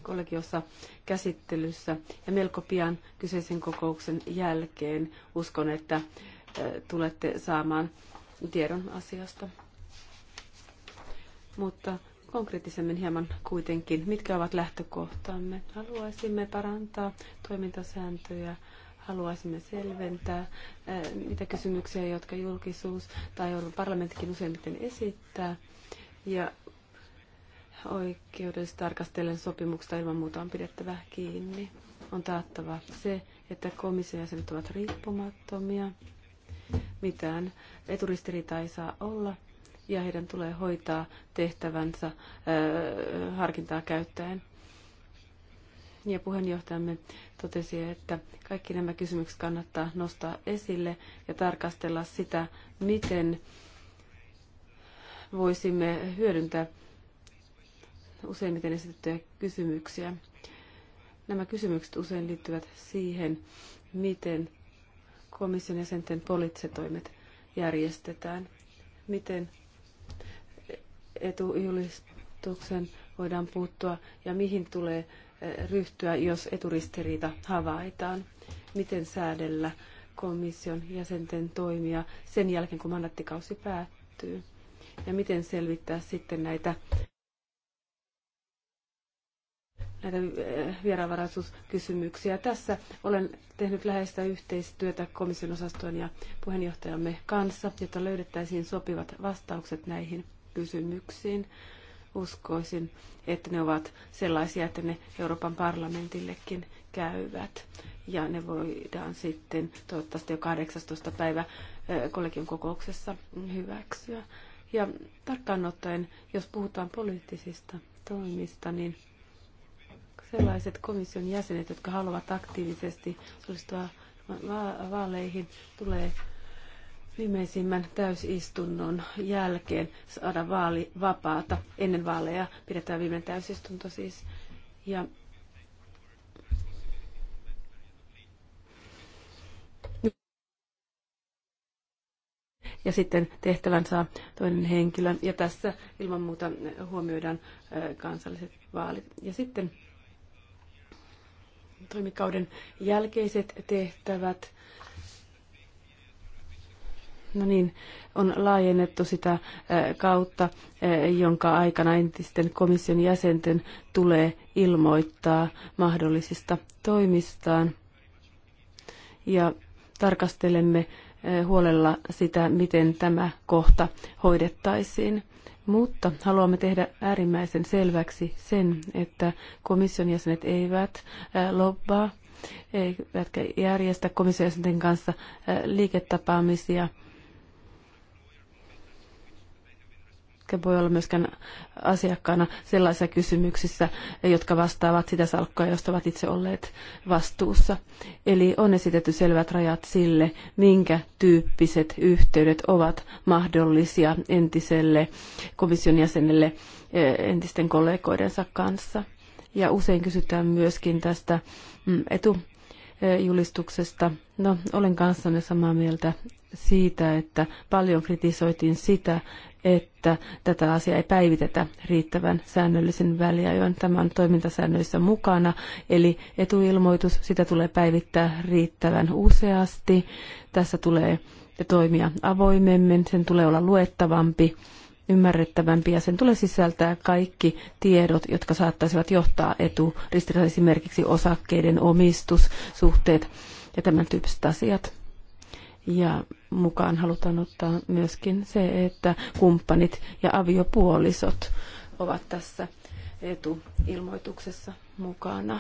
kollegiossa käsittelyssä ja melko pian kyseisen kokouksen jälkeen uskon, että tulette saamaan tiedon asiasta. Mutta konkreettisemmin hieman kuitenkin, mitkä ovat lähtökohtamme. Haluaisimme parantaa toimintasääntöjä, haluaisimme selventää mitä eh, kysymyksiä, jotka julkisuus tai Euroopan parlamenttikin useimmiten esittää. Ja oikeudellisesti tarkastellen sopimuksesta ilman muuta on pidettävä kiinni. On taattava se, että komission jäsenet ovat riippumattomia. Mitään eturistiriitaa ei saa olla ja heidän tulee hoitaa tehtävänsä äh, harkintaa käyttäen. Ja puheenjohtajamme totesi, että kaikki nämä kysymykset kannattaa nostaa esille ja tarkastella sitä, miten voisimme hyödyntää useimmiten esitettyjä kysymyksiä. Nämä kysymykset usein liittyvät siihen, miten komission jäsenten poliittiset toimet järjestetään, miten etujulistuksen voidaan puuttua ja mihin tulee eh, ryhtyä, jos eturistiriita havaitaan. Miten säädellä komission jäsenten toimia sen jälkeen, kun mandattikausi päättyy. Ja miten selvittää sitten näitä, näitä eh, vieraanvaraisuuskysymyksiä. Tässä olen tehnyt läheistä yhteistyötä komission osastojen ja puheenjohtajamme kanssa, jotta löydettäisiin sopivat vastaukset näihin kysymyksiin. Uskoisin, että ne ovat sellaisia, että ne Euroopan parlamentillekin käyvät. Ja ne voidaan sitten toivottavasti jo 18. päivä kollegion kokouksessa hyväksyä. Ja tarkkaan ottaen, jos puhutaan poliittisista toimista, niin sellaiset komission jäsenet, jotka haluavat aktiivisesti osallistua vaaleihin, tulee viimeisimmän täysistunnon jälkeen saada vaali vapaata. Ennen vaaleja pidetään viimeinen täysistunto siis. Ja ja sitten tehtävän saa toinen henkilö. Ja tässä ilman muuta huomioidaan kansalliset vaalit. Ja sitten toimikauden jälkeiset tehtävät No niin, on laajennettu sitä kautta, jonka aikana entisten komission jäsenten tulee ilmoittaa mahdollisista toimistaan. Ja tarkastelemme huolella sitä, miten tämä kohta hoidettaisiin. Mutta haluamme tehdä äärimmäisen selväksi sen, että komission jäsenet eivät lobbaa eivätkä järjestä komission jäsenten kanssa liiketapaamisia – voi olla myöskään asiakkaana sellaisissa kysymyksissä, jotka vastaavat sitä salkkoa, josta ovat itse olleet vastuussa. Eli on esitetty selvät rajat sille, minkä tyyppiset yhteydet ovat mahdollisia entiselle komission jäsenelle eh, entisten kollegoidensa kanssa. Ja usein kysytään myöskin tästä mm, etujulistuksesta. Eh, no, olen kanssanne samaa mieltä siitä, että paljon kritisoitiin sitä, että tätä asiaa ei päivitetä riittävän säännöllisen väliajoin. Tämä on toimintasäännöissä mukana, eli etuilmoitus, sitä tulee päivittää riittävän useasti. Tässä tulee toimia avoimemmin, sen tulee olla luettavampi ymmärrettävämpi ja sen tulee sisältää kaikki tiedot, jotka saattaisivat johtaa eturistiriitaan esimerkiksi osakkeiden omistussuhteet ja tämän tyyppiset asiat. Ja mukaan halutaan ottaa myöskin se, että kumppanit ja aviopuolisot ovat tässä etuilmoituksessa mukana.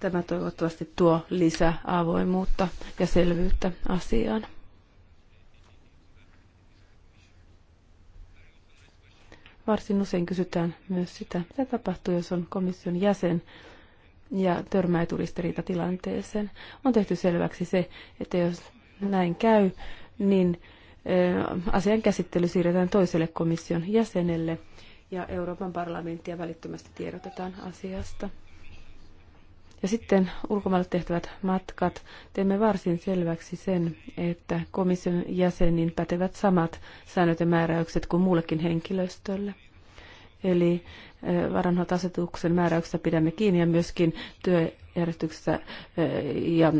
Tämä toivottavasti tuo lisää avoimuutta ja selvyyttä asiaan. Varsin usein kysytään myös sitä, mitä tapahtuu, jos on komission jäsen ja törmää tilanteeseen On tehty selväksi se, että jos näin käy, niin asian käsittely siirretään toiselle komission jäsenelle ja Euroopan parlamenttia välittömästi tiedotetaan asiasta. Ja sitten ulkomaille tehtävät matkat. Teemme varsin selväksi sen, että komission jäsenin pätevät samat säännöt ja määräykset kuin muullekin henkilöstölle. Eli varanhoitasetuksen määräyksestä pidämme kiinni ja myöskin työjärjestyksestä ja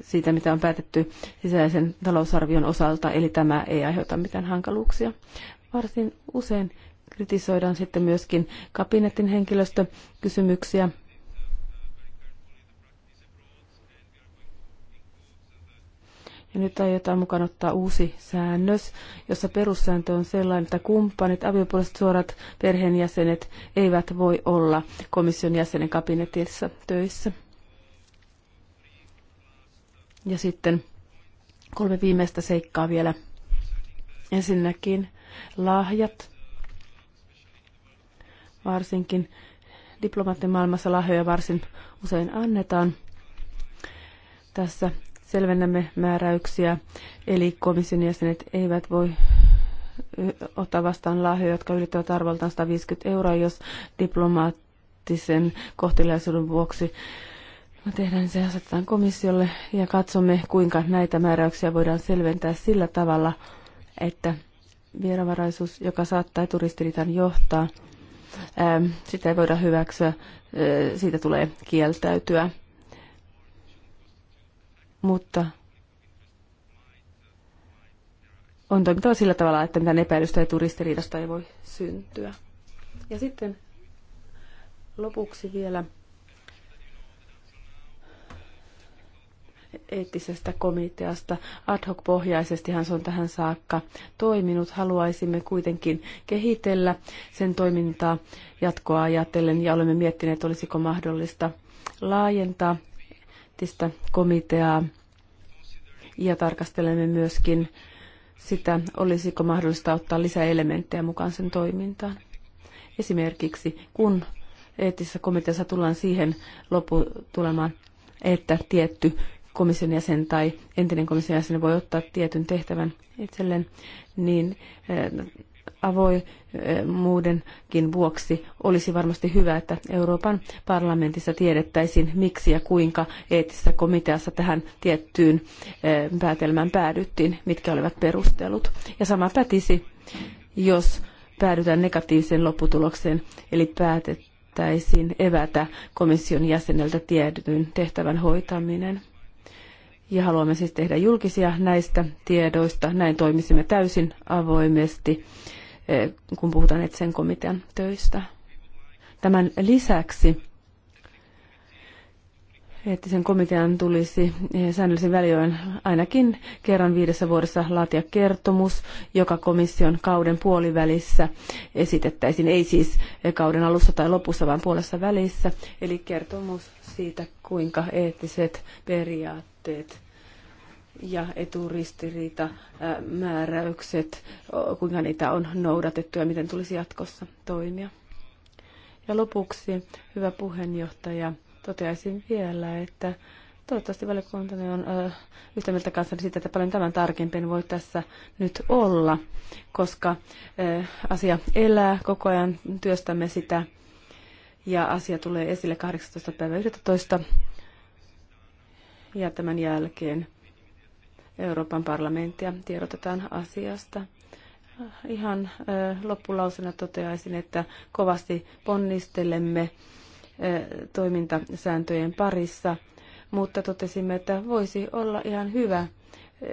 siitä, mitä on päätetty sisäisen talousarvion osalta, eli tämä ei aiheuta mitään hankaluuksia. Varsin usein kritisoidaan sitten myöskin kabinetin henkilöstökysymyksiä. Ja nyt aiotaan mukaan ottaa uusi säännös, jossa perussääntö on sellainen, että kumppanit, aviopuoliset suorat perheenjäsenet eivät voi olla komission jäsenen kabinetissa töissä. Ja sitten kolme viimeistä seikkaa vielä. Ensinnäkin lahjat, varsinkin diplomaattimaailmassa lahjoja varsin usein annetaan. Tässä selvennämme määräyksiä, eli komission jäsenet eivät voi ottaa vastaan lahjoja, jotka ylittävät arvoltaan 150 euroa, jos diplomaattisen kohteliaisuuden vuoksi me tehdään niin se asetetaan komissiolle ja katsomme, kuinka näitä määräyksiä voidaan selventää sillä tavalla, että vieravaraisuus, joka saattaa turistiritan johtaa, sitä ei voida hyväksyä, siitä tulee kieltäytyä. Mutta on toimittava sillä tavalla, että mitään epäilystä ja turistiriidasta ei voi syntyä. Ja sitten lopuksi vielä eettisestä komiteasta. Ad hoc pohjaisestihan se on tähän saakka toiminut. Haluaisimme kuitenkin kehitellä sen toimintaa jatkoa ajatellen ja olemme miettineet, olisiko mahdollista laajentaa eettistä komiteaa ja tarkastelemme myöskin sitä, olisiko mahdollista ottaa lisäelementtejä mukaan sen toimintaan. Esimerkiksi kun eettisessä komiteassa tullaan siihen lopputulemaan, että tietty komission jäsen tai entinen komission jäsen voi ottaa tietyn tehtävän itselleen, niin eh, avoimuudenkin vuoksi olisi varmasti hyvä, että Euroopan parlamentissa tiedettäisiin, miksi ja kuinka eettisessä komiteassa tähän tiettyyn eh, päätelmään päädyttiin, mitkä olivat perustelut. Ja sama pätisi, jos päädytään negatiiviseen lopputulokseen, eli päätettäisiin evätä komission jäseneltä tietyn tehtävän hoitaminen ja haluamme siis tehdä julkisia näistä tiedoista. Näin toimisimme täysin avoimesti Eh, kun puhutaan Etsen komitean töistä. Tämän lisäksi sen komitean tulisi eh, säännöllisin väliöin ainakin kerran viidessä vuodessa laatia kertomus, joka komission kauden puolivälissä esitettäisiin, ei siis eh, kauden alussa tai lopussa, vaan puolessa välissä, eli kertomus siitä, kuinka eettiset periaatteet ja eturistiriitamääräykset, kuinka niitä on noudatettu ja miten tulisi jatkossa toimia. Ja lopuksi, hyvä puheenjohtaja, toteaisin vielä, että toivottavasti valiokunta on ö, yhtä mieltä kanssani siitä, että paljon tämän tarkempien voi tässä nyt olla, koska ö, asia elää koko ajan, työstämme sitä ja asia tulee esille 18. päivä 11. Ja tämän jälkeen Euroopan parlamenttia tiedotetaan asiasta. Ihan loppulausena toteaisin, että kovasti ponnistelemme toimintasääntöjen parissa, mutta totesimme, että voisi olla ihan hyvä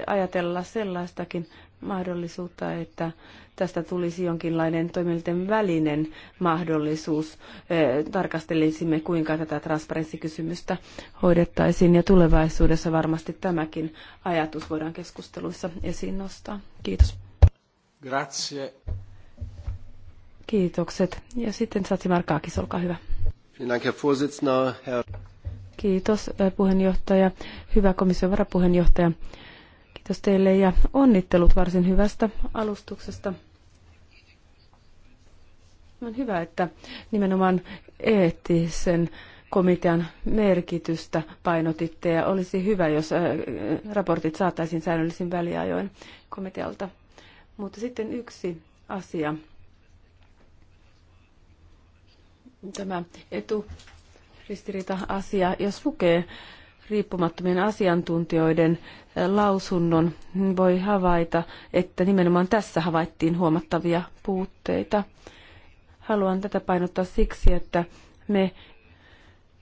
ajatella sellaistakin mahdollisuutta, että tästä tulisi jonkinlainen toimielinten välinen mahdollisuus. Tarkastelisimme, kuinka tätä transparenssikysymystä hoidettaisiin ja tulevaisuudessa varmasti tämäkin ajatus voidaan keskusteluissa esiin nostaa. Kiitos. Grazie. Kiitokset. Ja sitten Satsi Markaakis, olkaa hyvä. Kiitos puheenjohtaja. Hyvä komission varapuheenjohtaja. Kiitos teille ja onnittelut varsin hyvästä alustuksesta. On hyvä, että nimenomaan eettisen komitean merkitystä painotitte ja olisi hyvä, jos äh, raportit saataisiin säännöllisin väliajoin komitealta. Mutta sitten yksi asia. Tämä eturistiriita-asia, jos lukee riippumattomien asiantuntijoiden äh, lausunnon, niin voi havaita, että nimenomaan tässä havaittiin huomattavia puutteita. Haluan tätä painottaa siksi, että me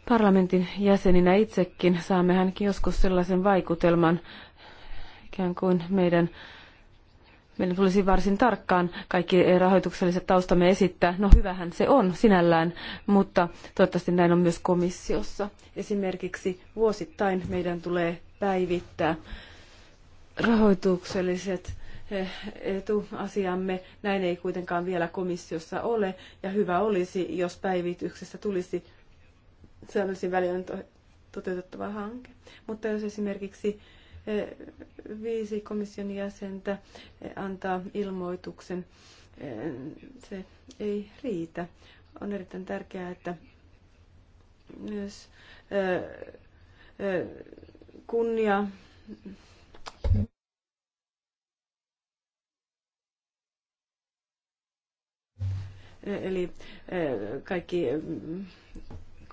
parlamentin jäseninä itsekin saamme hänkin joskus sellaisen vaikutelman, ikään kuin meidän meidän tulisi varsin tarkkaan kaikki rahoitukselliset taustamme esittää. No hyvähän se on sinällään, mutta toivottavasti näin on myös komissiossa. Esimerkiksi vuosittain meidän tulee päivittää rahoitukselliset Eh, etuasiamme. Näin ei kuitenkaan vielä komissiossa ole, ja hyvä olisi, jos päivityksessä tulisi säännöllisin välillä toteutettava hanke. Mutta jos esimerkiksi eh, viisi komission jäsentä eh, antaa ilmoituksen, se ei riitä. On erittäin tärkeää, että myös kunnia Eli eh, kaikki mm,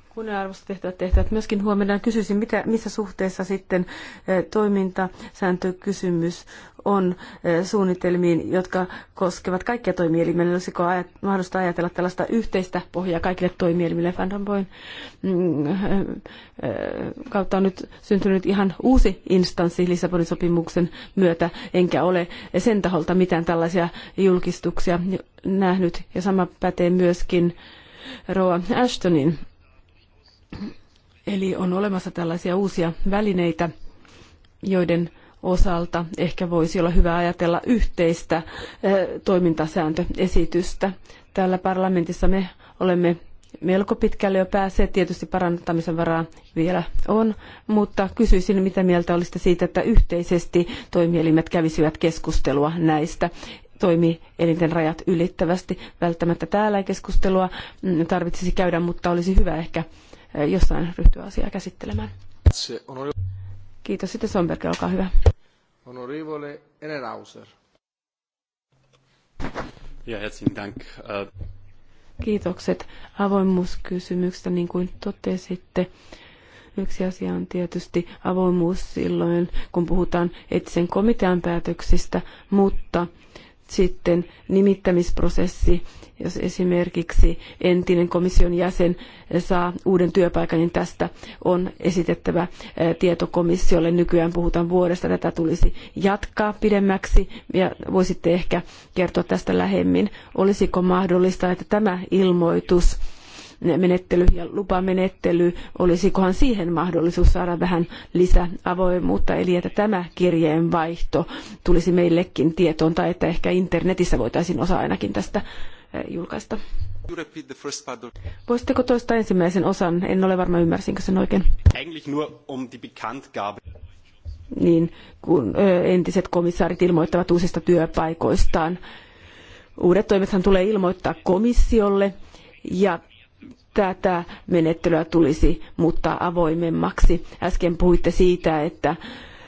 kunnianarvoiset tehtävät tehtävät myöskin huomenna. Kysyisin, mitä, missä suhteessa sitten eh, toimintasääntökysymys on eh, suunnitelmiin, jotka koskevat kaikkia toimielimiä. Olisiko ajat, mahdollista ajatella tällaista yhteistä pohjaa kaikille toimielimille? Fandomboin mm, kautta on nyt syntynyt ihan uusi instanssi Lissabonin sopimuksen myötä, enkä ole sen taholta mitään tällaisia julkistuksia nähnyt, ja sama pätee myöskin Roa Ashtonin. Eli on olemassa tällaisia uusia välineitä, joiden osalta ehkä voisi olla hyvä ajatella yhteistä toimintasääntöesitystä. Täällä parlamentissa me olemme melko pitkälle jo päässeet, tietysti parantamisen varaa vielä on, mutta kysyisin, mitä mieltä olisitte siitä, että yhteisesti toimielimet kävisivät keskustelua näistä toimi elinten rajat ylittävästi. Välttämättä täällä ei keskustelua mm, tarvitsisi käydä, mutta olisi hyvä ehkä eh, jossain ryhtyä asiaa käsittelemään. Kiitos. Sitten Sonberg, olkaa hyvä. Honorevole Enenhauser. Ja herzlichen Dank. Äh, Kiitokset avoimuuskysymyksestä, niin kuin totesitte. Yksi asia on tietysti avoimuus silloin, kun puhutaan etsen komitean päätöksistä, mutta sitten nimittämisprosessi, jos esimerkiksi entinen komission jäsen saa uuden työpaikan, niin tästä on esitettävä tieto komissiolle. Nykyään puhutaan vuodesta, tätä tulisi jatkaa pidemmäksi ja voisitte ehkä kertoa tästä lähemmin. Olisiko mahdollista, että tämä ilmoitus menettely ja lupamenettely, olisikohan siihen mahdollisuus saada vähän lisäavoimuutta, eli että tämä kirjeenvaihto tulisi meillekin tietoon, tai että ehkä internetissä voitaisiin osa ainakin tästä eh, julkaista. Voisitteko toistaa ensimmäisen osan? En ole varma, ymmärsinkö sen oikein. Um niin, kun entiset komissaarit ilmoittavat uusista työpaikoistaan. Uudet toimethan tulee ilmoittaa komissiolle ja tätä menettelyä tulisi muuttaa avoimemmaksi. Äsken puhuitte siitä, että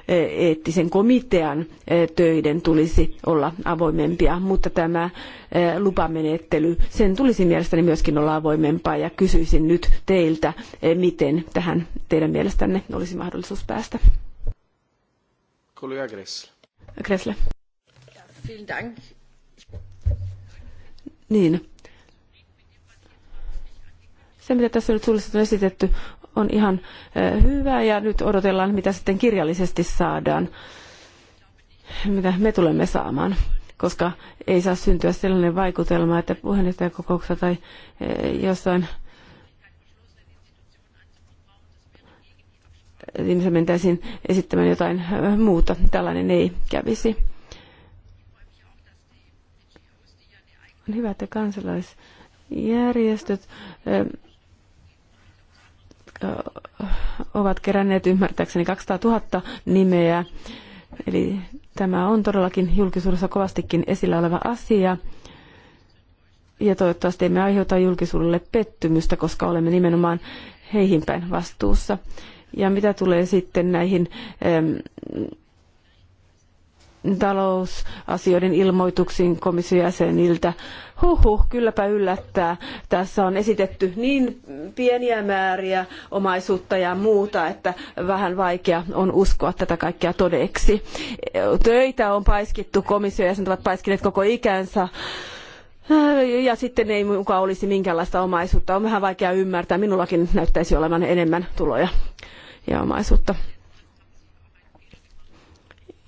e, eettisen komitean e, töiden tulisi olla avoimempia, mutta tämä e, lupamenettely, sen tulisi mielestäni myöskin olla avoimempaa ja kysyisin nyt teiltä, miten tähän teidän mielestänne olisi mahdollisuus päästä. Kollega Gressle. Gressle. Niin, se, mitä tässä nyt suullisesti on esitetty, on ihan eh, hyvä ja nyt odotellaan, mitä sitten kirjallisesti saadaan, mitä me tulemme saamaan koska ei saa syntyä sellainen vaikutelma, että puheenjohtajakokouksessa tai eh, jossain niin se mentäisiin esittämään jotain eh, muuta. Tällainen ei kävisi. On hyvä, että kansalaisjärjestöt ovat keränneet ymmärtääkseni 200 000 nimeä. Eli tämä on todellakin julkisuudessa kovastikin esillä oleva asia. Ja toivottavasti emme aiheuta julkisuudelle pettymystä, koska olemme nimenomaan heihin päin vastuussa. Ja mitä tulee sitten näihin talousasioiden ilmoituksiin komission jäseniltä. Huhhuh, kylläpä yllättää. Tässä on esitetty niin pieniä määriä omaisuutta ja muuta, että vähän vaikea on uskoa tätä kaikkea todeksi. Töitä on paiskittu, komission jäsenet ovat paiskineet koko ikänsä. Ja sitten ei mukaan olisi minkäänlaista omaisuutta. On vähän vaikea ymmärtää. Minullakin näyttäisi olevan enemmän tuloja ja omaisuutta.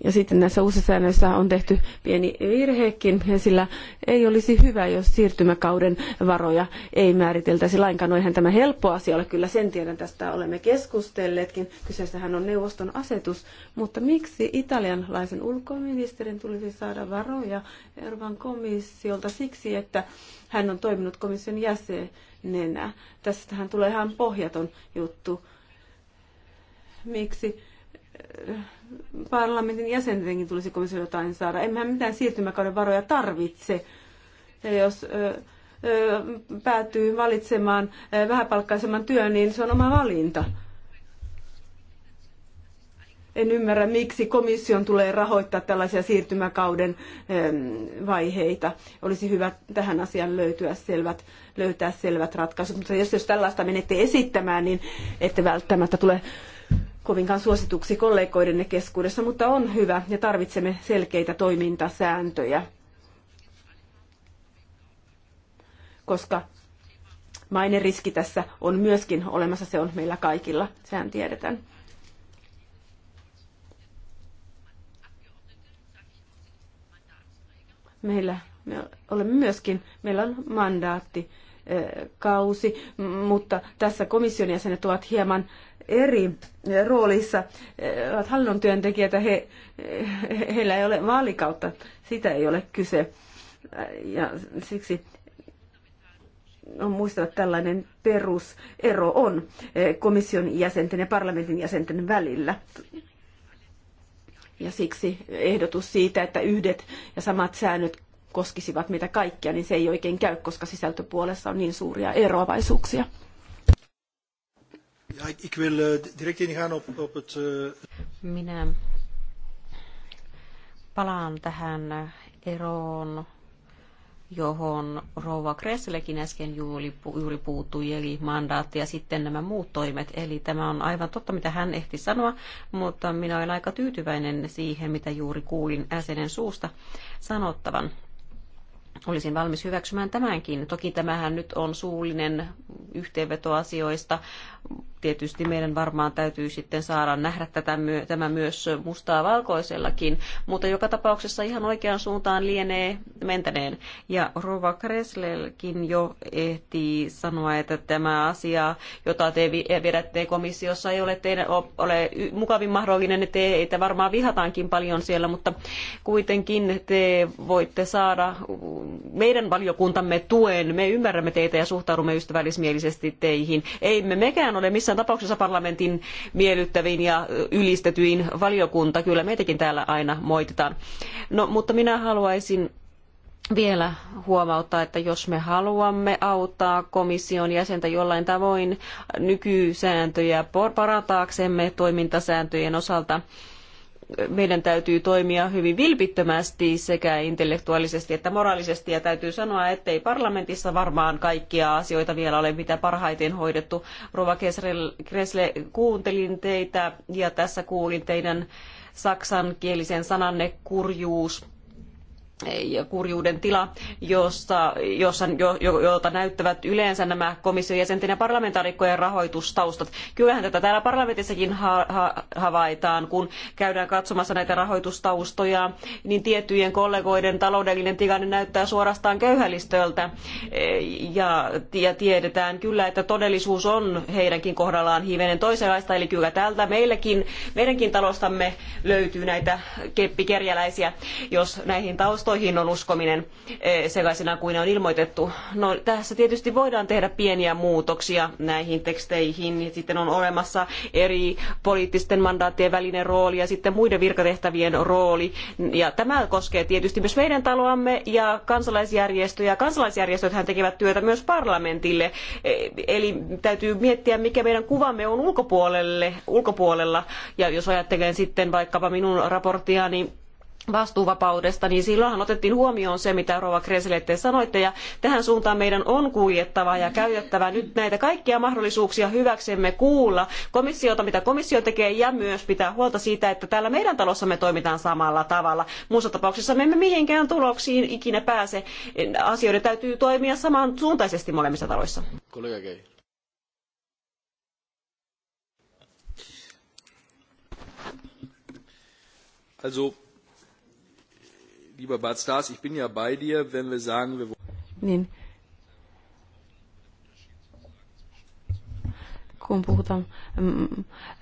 Ja sitten näissä uusissa säännöissä on tehty pieni virhekin, sillä ei olisi hyvä, jos siirtymäkauden varoja ei määriteltäisi lainkaan. No eihän tämä helppo asia ole, kyllä sen tiedän, tästä olemme keskustelleetkin. Kyseessähän on neuvoston asetus, mutta miksi italianlaisen ulkoministerin tulisi saada varoja Euroopan komissiolta siksi, että hän on toiminut komission jäsenenä? Tästähän tulee ihan pohjaton juttu. Miksi? parlamentin jäsentenkin tulisi komissio jotain saada. Emmehän mitään siirtymäkauden varoja tarvitse. Ja jos ö, ö, päätyy valitsemaan ö, vähäpalkkaisemman työn, niin se on oma valinta. En ymmärrä, miksi komission tulee rahoittaa tällaisia siirtymäkauden vaiheita. Olisi hyvä tähän asiaan löytyä selvät, löytää selvät ratkaisut. Mutta jos, jos tällaista menette esittämään, niin ette välttämättä tule kovinkaan suosituksi kollegoidenne keskuudessa, mutta on hyvä ja tarvitsemme selkeitä toimintasääntöjä, koska riski tässä on myöskin olemassa, se on meillä kaikilla, sehän tiedetään. Meillä me olemme myöskin, meillä on mandaatti kausi, mutta tässä komission jäsenet ovat hieman eri eh, roolissa, eh, ovat hallinnon työntekijöitä, he, eh, he, heillä ei ole vaalikautta, sitä ei ole kyse. Ja siksi on muistava tällainen perusero on komission jäsenten ja parlamentin jäsenten välillä. Ja siksi ehdotus siitä, että yhdet ja samat säännöt koskisivat meitä kaikkia, niin se ei oikein käy, koska sisältöpuolessa on niin suuria eroavaisuuksia ik wil eh, direct ingaan op, op het... Eh, minä palaan tähän eh, eroon, johon Rouva Kresselekin äsken juuri, juuri puuttui, eli mandaatti ja sitten nämä muut toimet. Eli tämä on aivan totta, mitä hän ehti sanoa, mutta minä olen aika tyytyväinen siihen, mitä juuri kuulin äsenen suusta sanottavan olisin valmis hyväksymään tämänkin. Toki tämähän nyt on suullinen yhteenveto asioista. Tietysti meidän varmaan täytyy sitten saada nähdä tätä myö, tämä myös mustaa valkoisellakin, mutta joka tapauksessa ihan oikeaan suuntaan lienee mentäneen. Ja Rova Kreslelkin jo ehti sanoa, että tämä asia, jota te vedätte komissiossa, ei ole, teidän, ole mukavin mahdollinen. Teitä varmaan vihataankin paljon siellä, mutta kuitenkin te voitte saada meidän valiokuntamme tuen. Me ymmärrämme teitä ja suhtaudumme ystävällismielisesti teihin. Emme mekään ole missään tapauksessa parlamentin miellyttävin ja ylistetyin valiokunta. Kyllä meitäkin täällä aina moititaan. No, mutta minä haluaisin vielä huomauttaa, että jos me haluamme auttaa komission jäsentä jollain tavoin nykysääntöjä parantaaksemme toimintasääntöjen osalta, meidän täytyy toimia hyvin vilpittömästi sekä intellektuaalisesti että moraalisesti. Ja täytyy sanoa, ettei parlamentissa varmaan kaikkia asioita vielä ole mitä parhaiten hoidettu. Rova Kresle, kuuntelin teitä ja tässä kuulin teidän saksankielisen sananne kurjuus ja kurjuuden tila, jossa, jossa, jo, jota näyttävät yleensä nämä komission jäsenten ja parlamentaarikkojen rahoitustaustat. Kyllähän tätä täällä parlamentissakin ha, ha, havaitaan, kun käydään katsomassa näitä rahoitustaustoja, niin tiettyjen kollegoiden taloudellinen tilanne näyttää suorastaan köyhälistöltä ja, ja tiedetään kyllä, että todellisuus on heidänkin kohdallaan hivenen toisenlaista, eli kyllä täältä meidänkin talostamme löytyy näitä keppikerjäläisiä, jos näihin taustoihin tilastoihin on uskominen eh, sellaisena kuin ne on ilmoitettu. No, tässä tietysti voidaan tehdä pieniä muutoksia näihin teksteihin. Sitten on olemassa eri poliittisten mandaattien välinen rooli ja sitten muiden virkatehtävien rooli. Ja tämä koskee tietysti myös meidän taloamme ja kansalaisjärjestöjä. Kansalaisjärjestöthän tekevät työtä myös parlamentille. Eh, eli täytyy miettiä, mikä meidän kuvamme on ulkopuolelle, ulkopuolella. Ja jos ajattelen sitten vaikkapa minun raporttiani vastuuvapaudesta, niin silloinhan otettiin huomioon se, mitä Rova Kresille te sanoitte, ja tähän suuntaan meidän on kuljettava ja käytettävä nyt näitä kaikkia mahdollisuuksia hyväksemme kuulla komissiota, mitä komissio tekee, ja myös pitää huolta siitä, että täällä meidän talossamme toimitaan samalla tavalla. Muussa tapauksessa me emme mihinkään tuloksiin ikinä pääse. Asioiden täytyy toimia samansuuntaisesti molemmissa taloissa. Also lieber Bart Stars, ich bin ja bei dir, wenn wir sagen, wir Niin. Kun puhutaan mm,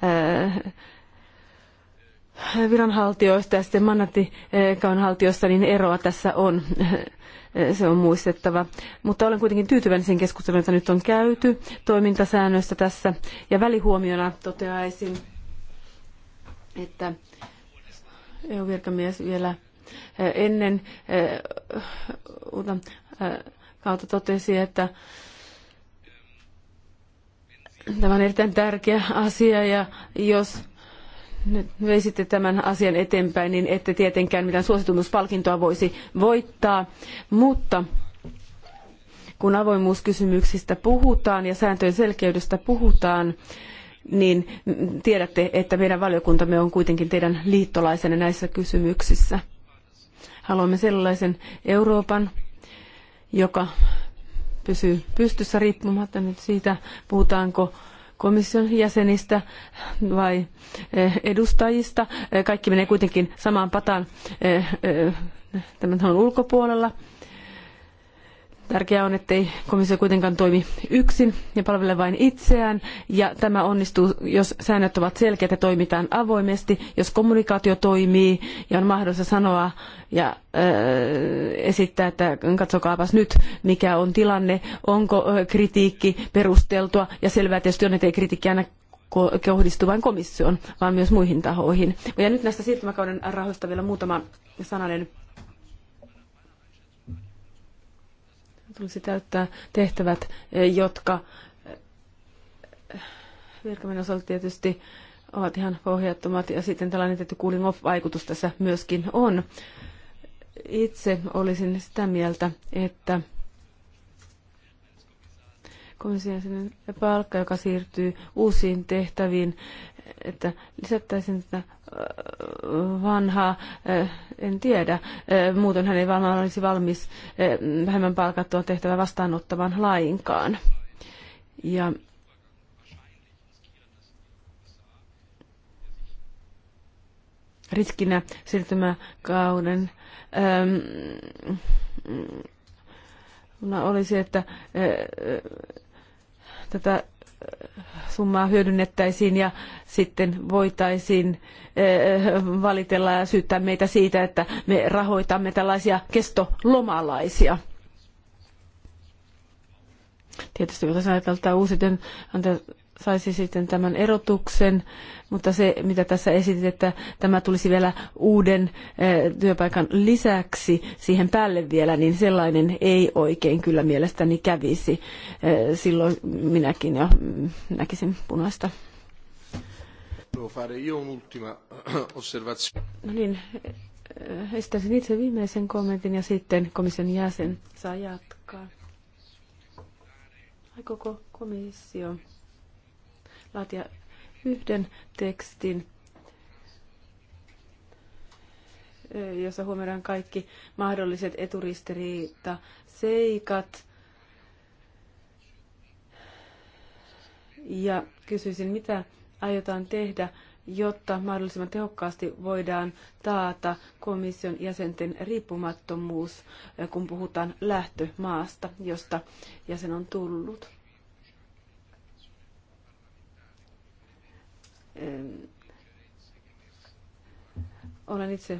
äh, viranhaltijoista ja sitten mannattikaunhaltijoista, äh, niin eroa tässä on. Äh, se on muistettava. Mutta olen kuitenkin tyytyväinen sen keskusteluun, jota nyt on käyty toimintasäännöistä tässä. Ja välihuomiona toteaisin, että EU-virkamies vielä Eh, ennen eh, eh, kautta totesi, että tämä on erittäin tärkeä asia ja jos nyt veisitte tämän asian eteenpäin, niin ette tietenkään mitään suositumuspalkintoa voisi voittaa, mutta kun avoimuuskysymyksistä puhutaan ja sääntöjen selkeydestä puhutaan, niin tiedätte, että meidän valiokuntamme on kuitenkin teidän liittolaisenne näissä kysymyksissä. Haluamme sellaisen Euroopan, joka pysyy pystyssä riippumatta nyt siitä, puhutaanko komission jäsenistä vai eh, edustajista. Eh, kaikki menee kuitenkin samaan pataan eh, tämän talon ulkopuolella. Tärkeää on, ettei komissio kuitenkaan toimi yksin ja palvele vain itseään, ja tämä onnistuu, jos säännöt ovat selkeät ja toimitaan avoimesti, jos kommunikaatio toimii ja on mahdollista sanoa ja äh, esittää, että katsokaapas nyt, mikä on tilanne, onko äh, kritiikki perusteltua, ja selvää tietysti on, ettei kritiikki aina kohdistu vain komissioon, vaan myös muihin tahoihin. Ja nyt näistä siirtymäkauden rahoista vielä muutama sananen. tulisi täyttää tehtävät, e, jotka e, virkamien osalta tietysti ovat ihan pohjattomat ja sitten tällainen tietty cooling off-vaikutus tässä myöskin on. Itse olisin sitä mieltä, että komission palkka, joka siirtyy uusiin tehtäviin, että lisättäisiin tätä vanha, eh, en tiedä. Eh, muuten hän ei varmaan olisi valmis eh, vähemmän palkattua tehtävä vastaanottavan lainkaan. Ja riskinä siirtymäkauden ähm, olisi, että äh, tätä summaa hyödynnettäisiin ja sitten voitaisiin eh, valitella ja syyttää meitä siitä, että me rahoitamme tällaisia kestolomalaisia. Tietysti voitaisiin ajatella, että uusi työnantaja saisi sitten tämän erotuksen, mutta se, mitä tässä esitit, että tämä tulisi vielä uuden eh, työpaikan lisäksi siihen päälle vielä, niin sellainen ei oikein kyllä mielestäni kävisi. Eh, silloin minäkin jo mm, näkisin punaista. Eh, no niin, esittäisin itse viimeisen kommentin ja sitten komission jäsen saa jatkaa. Aikooko komissio? laatia yhden tekstin, jossa huomioidaan kaikki mahdolliset eturistiriita, seikat. Ja kysyisin, mitä aiotaan tehdä, jotta mahdollisimman tehokkaasti voidaan taata komission jäsenten riippumattomuus, kun puhutaan lähtömaasta, josta jäsen on tullut. Olen itse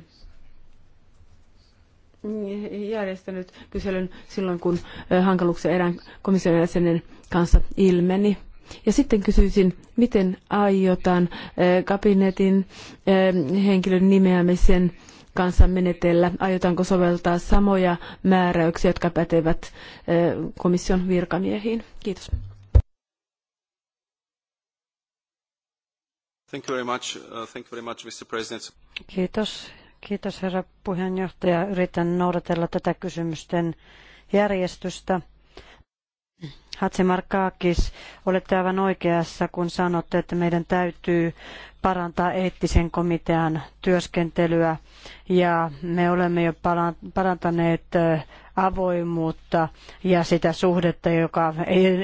järjestänyt kyselyn silloin, kun eh, hankaluuksia erään komission jäsenen kanssa ilmeni. Ja sitten kysyisin, miten aiotaan eh, kabinetin eh, henkilön nimeämisen kanssa menetellä? Aiotaanko soveltaa samoja määräyksiä, jotka pätevät komission virkamiehiin? Kiitos. Thank you very much. Uh, thank you very much, Mr. President. Kiitos. Kiitos herra puheenjohtaja. Yritän noudatella tätä kysymysten järjestystä. Hatzimarkakis olette aivan oikeassa, kun sanotte, että meidän täytyy parantaa eettisen komitean työskentelyä. Ja me olemme jo parantaneet äh, avoimuutta ja sitä suhdetta, joka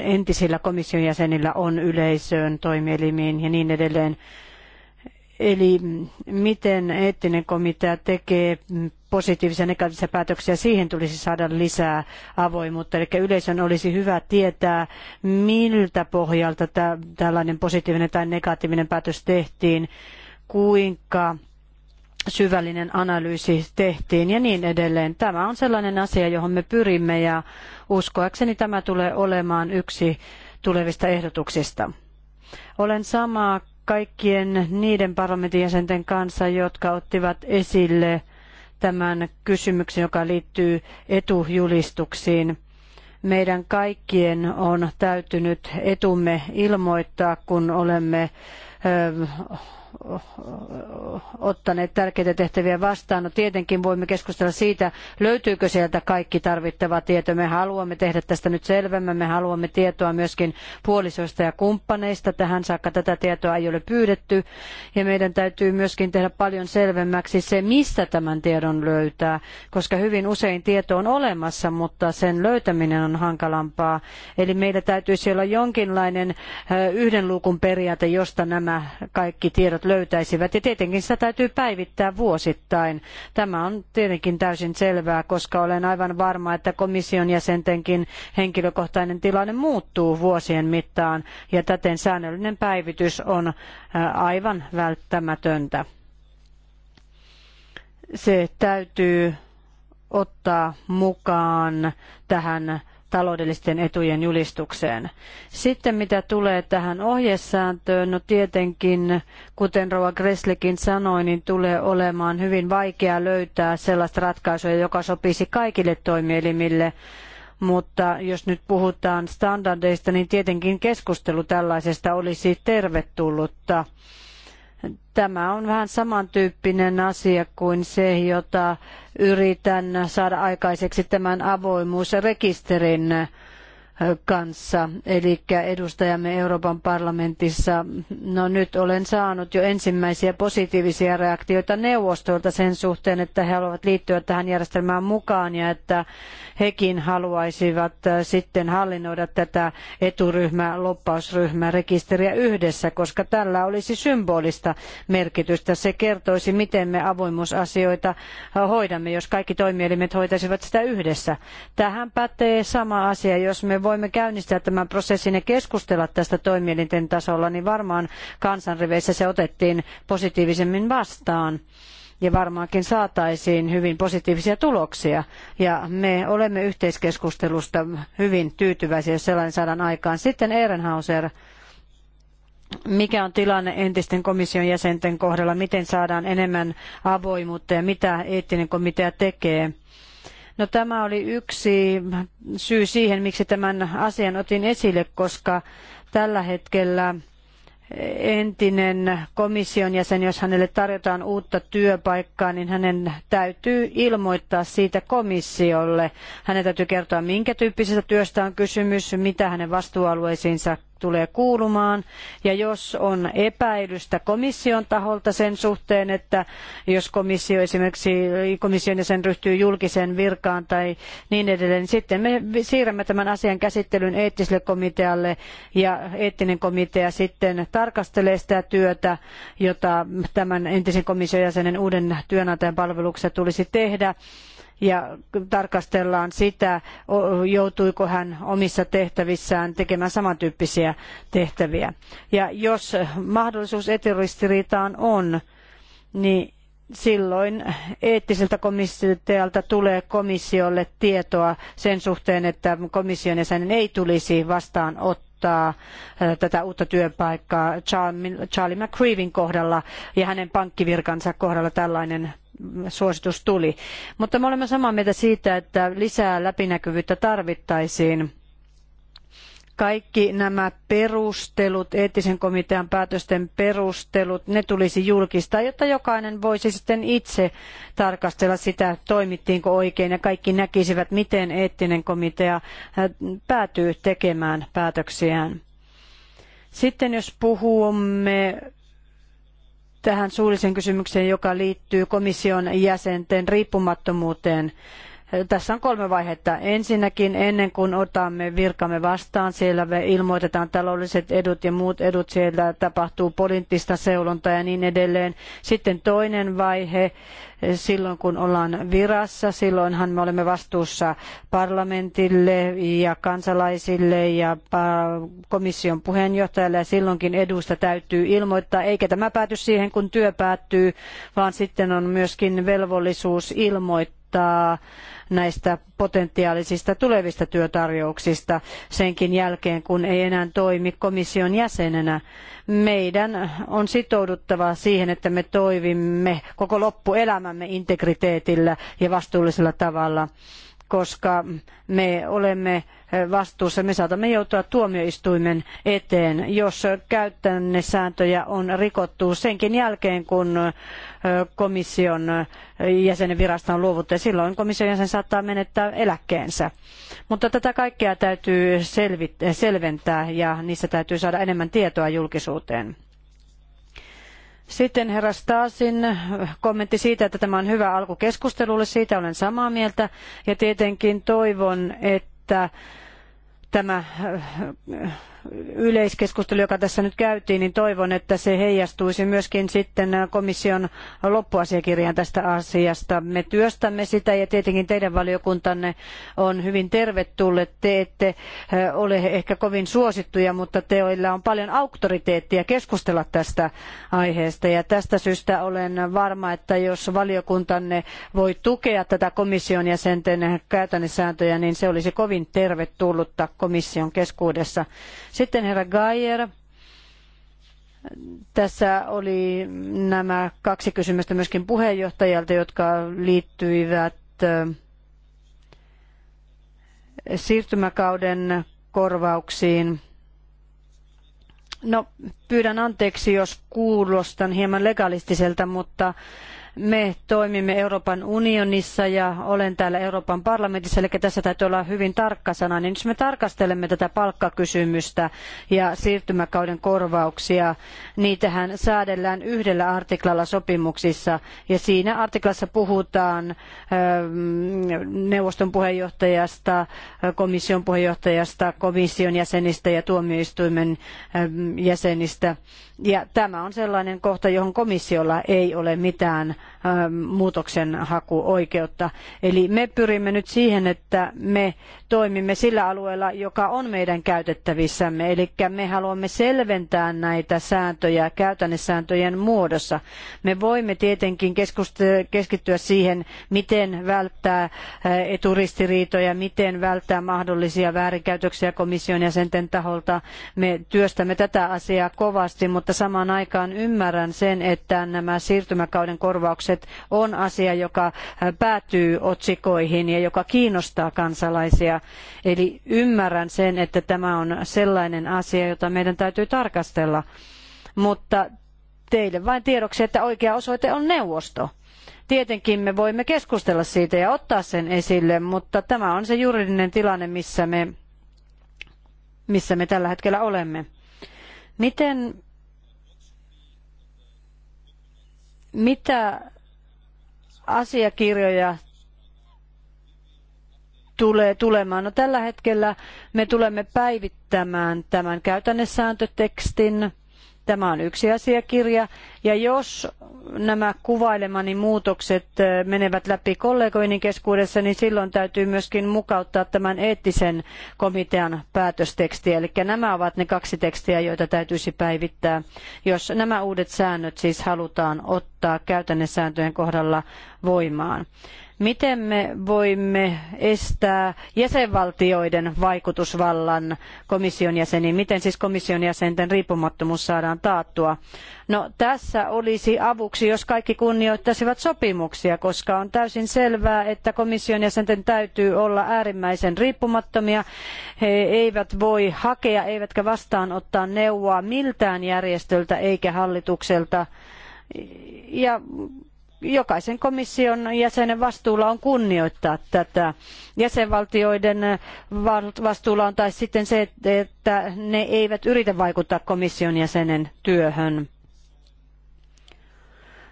entisillä komission jäsenillä on yleisöön, toimielimiin ja niin edelleen. Eli miten eettinen komitea tekee positiivisia ja negatiivisia päätöksiä, siihen tulisi saada lisää avoimuutta. Eli yleisön olisi hyvä tietää, miltä pohjalta tällainen positiivinen tai negatiivinen päätös tehtiin, kuinka syvällinen analyysi tehtiin ja niin edelleen. Tämä on sellainen asia, johon me pyrimme ja uskoakseni tämä tulee olemaan yksi tulevista ehdotuksista. Olen samaa kaikkien niiden parlamentin jäsenten kanssa, jotka ottivat esille tämän kysymyksen, joka liittyy etujulistuksiin. Meidän kaikkien on täytynyt etumme ilmoittaa, kun olemme ottaneet tärkeitä tehtäviä vastaan. No tietenkin voimme keskustella siitä, löytyykö sieltä kaikki tarvittava tieto. Me haluamme tehdä tästä nyt selvemmän. Me haluamme tietoa myöskin puolisoista ja kumppaneista. Tähän saakka tätä tietoa ei ole pyydetty. Ja meidän täytyy myöskin tehdä paljon selvemmäksi se, mistä tämän tiedon löytää, koska hyvin usein tieto on olemassa, mutta sen löytäminen on hankalampaa. Eli meillä täytyisi olla jonkinlainen yhden luukun periaate, josta nämä kaikki tiedot tiedot löytäisivät. Ja tietenkin sitä täytyy päivittää vuosittain. Tämä on tietenkin täysin selvää, koska olen aivan varma, että komission jäsentenkin henkilökohtainen tilanne muuttuu vuosien mittaan ja täten säännöllinen päivitys on aivan välttämätöntä. Se täytyy ottaa mukaan tähän taloudellisten etujen julistukseen. Sitten mitä tulee tähän ohjesääntöön, no tietenkin, kuten Rova Gresslikin sanoi, niin tulee olemaan hyvin vaikea löytää sellaista ratkaisua, joka sopisi kaikille toimielimille, mutta jos nyt puhutaan standardeista, niin tietenkin keskustelu tällaisesta olisi tervetullutta. Tämä on vähän samantyyppinen asia kuin se, jota yritän saada aikaiseksi tämän avoimuusrekisterin kanssa, eli edustajamme Euroopan parlamentissa. No nyt olen saanut jo ensimmäisiä positiivisia reaktioita neuvostolta sen suhteen, että he haluavat liittyä tähän järjestelmään mukaan ja että hekin haluaisivat sitten hallinnoida tätä eturyhmä, loppausryhmä rekisteriä yhdessä, koska tällä olisi symbolista merkitystä. Se kertoisi, miten me avoimuusasioita hoidamme, jos kaikki toimielimet hoitaisivat sitä yhdessä. Tähän pätee sama asia, jos me voimme käynnistää tämän prosessin ja keskustella tästä toimielinten tasolla, niin varmaan kansanriveissä se otettiin positiivisemmin vastaan ja varmaankin saataisiin hyvin positiivisia tuloksia. Ja me olemme yhteiskeskustelusta hyvin tyytyväisiä, jos sellainen saadaan aikaan. Sitten Ehrenhauser, mikä on tilanne entisten komission jäsenten kohdalla, miten saadaan enemmän avoimuutta ja mitä eettinen komitea tekee. No tämä oli yksi syy siihen, miksi tämän asian otin esille, koska tällä hetkellä entinen komission jäsen, jos hänelle tarjotaan uutta työpaikkaa, niin hänen täytyy ilmoittaa siitä komissiolle. Hänen täytyy kertoa, minkä tyyppisestä työstä on kysymys, mitä hänen vastuualueisiinsa tulee kuulumaan. Ja jos on epäilystä komission taholta sen suhteen, että jos komissio esimerkiksi komission jäsen ryhtyy julkiseen virkaan tai niin edelleen, niin sitten me siirrämme tämän asian käsittelyn eettiselle komitealle ja eettinen komitea sitten tarkastelee sitä työtä, jota tämän entisen komission jäsenen uuden työnantajan palveluksessa tulisi tehdä ja tarkastellaan sitä, joutuiko hän omissa tehtävissään tekemään samantyyppisiä tehtäviä. Ja jos mahdollisuus eturistiriitaan on, niin silloin eettiseltä komitealta tulee komissiolle tietoa sen suhteen, että komission jäsenen ei tulisi vastaanottaa tätä uutta työpaikkaa Charlie McCreevin kohdalla ja hänen pankkivirkansa kohdalla tällainen suositus tuli. Mutta me olemme samaa mieltä siitä, että lisää läpinäkyvyyttä tarvittaisiin kaikki nämä perustelut, eettisen komitean päätösten perustelut, ne tulisi julkistaa, jotta jokainen voisi sitten itse tarkastella sitä, toimittiinko oikein ja kaikki näkisivät, miten eettinen komitea päätyy tekemään päätöksiään. Sitten jos puhumme tähän suulliseen kysymykseen, joka liittyy komission jäsenten riippumattomuuteen. Tässä on kolme vaihetta. Ensinnäkin ennen kuin otamme virkamme vastaan, siellä me ilmoitetaan taloudelliset edut ja muut edut, siellä tapahtuu poliittista seulontaa ja niin edelleen. Sitten toinen vaihe, silloin kun ollaan virassa, silloinhan me olemme vastuussa parlamentille ja kansalaisille ja äh, komission puheenjohtajalle ja silloinkin edusta täytyy ilmoittaa, eikä tämä pääty siihen kun työ päättyy, vaan sitten on myöskin velvollisuus ilmoittaa ilmoittaa näistä potentiaalisista tulevista työtarjouksista senkin jälkeen, kun ei enää toimi komission jäsenenä. Meidän on sitouduttava siihen, että me toivimme koko loppuelämämme integriteetillä ja vastuullisella tavalla koska me olemme vastuussa, me saatamme joutua tuomioistuimen eteen, jos käytännössääntöjä on rikottu senkin jälkeen, kun komission jäsenen virasta on luovuttu, ja silloin komission jäsen saattaa menettää eläkkeensä. Mutta tätä kaikkea täytyy selventää, ja niistä täytyy saada enemmän tietoa julkisuuteen. Sitten herra Staasin kommentti siitä, että tämä on hyvä alku keskustelulle, siitä olen samaa mieltä. Ja tietenkin toivon, että tämä yleiskeskustelu, joka tässä nyt käytiin, niin toivon, että se heijastuisi myöskin sitten komission loppuasiakirjaan tästä asiasta. Me työstämme sitä ja tietenkin teidän valiokuntanne on hyvin tervetullut. Te ette eh, ole ehkä kovin suosittuja, mutta teillä on paljon auktoriteettia keskustella tästä aiheesta. Ja tästä syystä olen varma, että jos valiokuntanne voi tukea tätä komission jäsenten käytännössääntöjä, niin se olisi kovin tervetullutta komission keskuudessa. Sitten herra Geier. Tässä oli nämä kaksi kysymystä myöskin puheenjohtajalta, jotka liittyivät siirtymäkauden korvauksiin. No, pyydän anteeksi, jos kuulostan hieman legalistiselta, mutta me toimimme Euroopan unionissa ja olen täällä Euroopan parlamentissa, eli tässä täytyy olla hyvin tarkka sana. Niin jos me tarkastelemme tätä palkkakysymystä ja siirtymäkauden korvauksia, niitähän säädellään yhdellä artiklalla sopimuksissa. Ja siinä artiklassa puhutaan ähm, neuvoston puheenjohtajasta, komission puheenjohtajasta, komission jäsenistä ja tuomioistuimen ähm, jäsenistä. Ja tämä on sellainen kohta, johon komissiolla ei ole mitään Ähm, muutoksen hakuoikeutta. Eli me pyrimme nyt siihen, että me toimimme sillä alueella, joka on meidän käytettävissämme. Eli me haluamme selventää näitä sääntöjä käytännesääntöjen muodossa. Me voimme tietenkin keskittyä siihen, miten välttää äh, eturistiriitoja, miten välttää mahdollisia väärinkäytöksiä komission jäsenten taholta. Me työstämme tätä asiaa kovasti, mutta samaan aikaan ymmärrän sen, että nämä siirtymäkauden korvaukset kysymykset on asia, joka äh, päätyy otsikoihin ja joka kiinnostaa kansalaisia. Eli ymmärrän sen, että tämä on sellainen asia, jota meidän täytyy tarkastella. Mutta teille vain tiedoksi, että oikea osoite on neuvosto. Tietenkin me voimme keskustella siitä ja ottaa sen esille, mutta tämä on se juridinen tilanne, missä me, missä me tällä hetkellä olemme. Miten, mitä asiakirjoja tulee tulemaan. No, tällä hetkellä me tulemme päivittämään tämän käytännesääntötekstin Tämä on yksi asiakirja. Ja jos nämä kuvailemani muutokset menevät läpi kollegoini keskuudessa, niin silloin täytyy myöskin mukauttaa tämän eettisen komitean päätöstekstiä. Eli nämä ovat ne kaksi tekstiä, joita täytyisi päivittää, jos nämä uudet säännöt siis halutaan ottaa käytännön sääntöjen kohdalla voimaan. Miten me voimme estää jäsenvaltioiden vaikutusvallan komission jäseniin? Miten siis komission jäsenten riippumattomuus saadaan taattua? No tässä olisi avuksi, jos kaikki kunnioittaisivat sopimuksia, koska on täysin selvää, että komission jäsenten täytyy olla äärimmäisen riippumattomia. He eivät voi hakea eivätkä vastaanottaa neuvoa miltään järjestöltä eikä hallitukselta. Ja jokaisen komission jäsenen vastuulla on kunnioittaa tätä. Jäsenvaltioiden vastuulla on taas sitten se, että ne eivät yritä vaikuttaa komission jäsenen työhön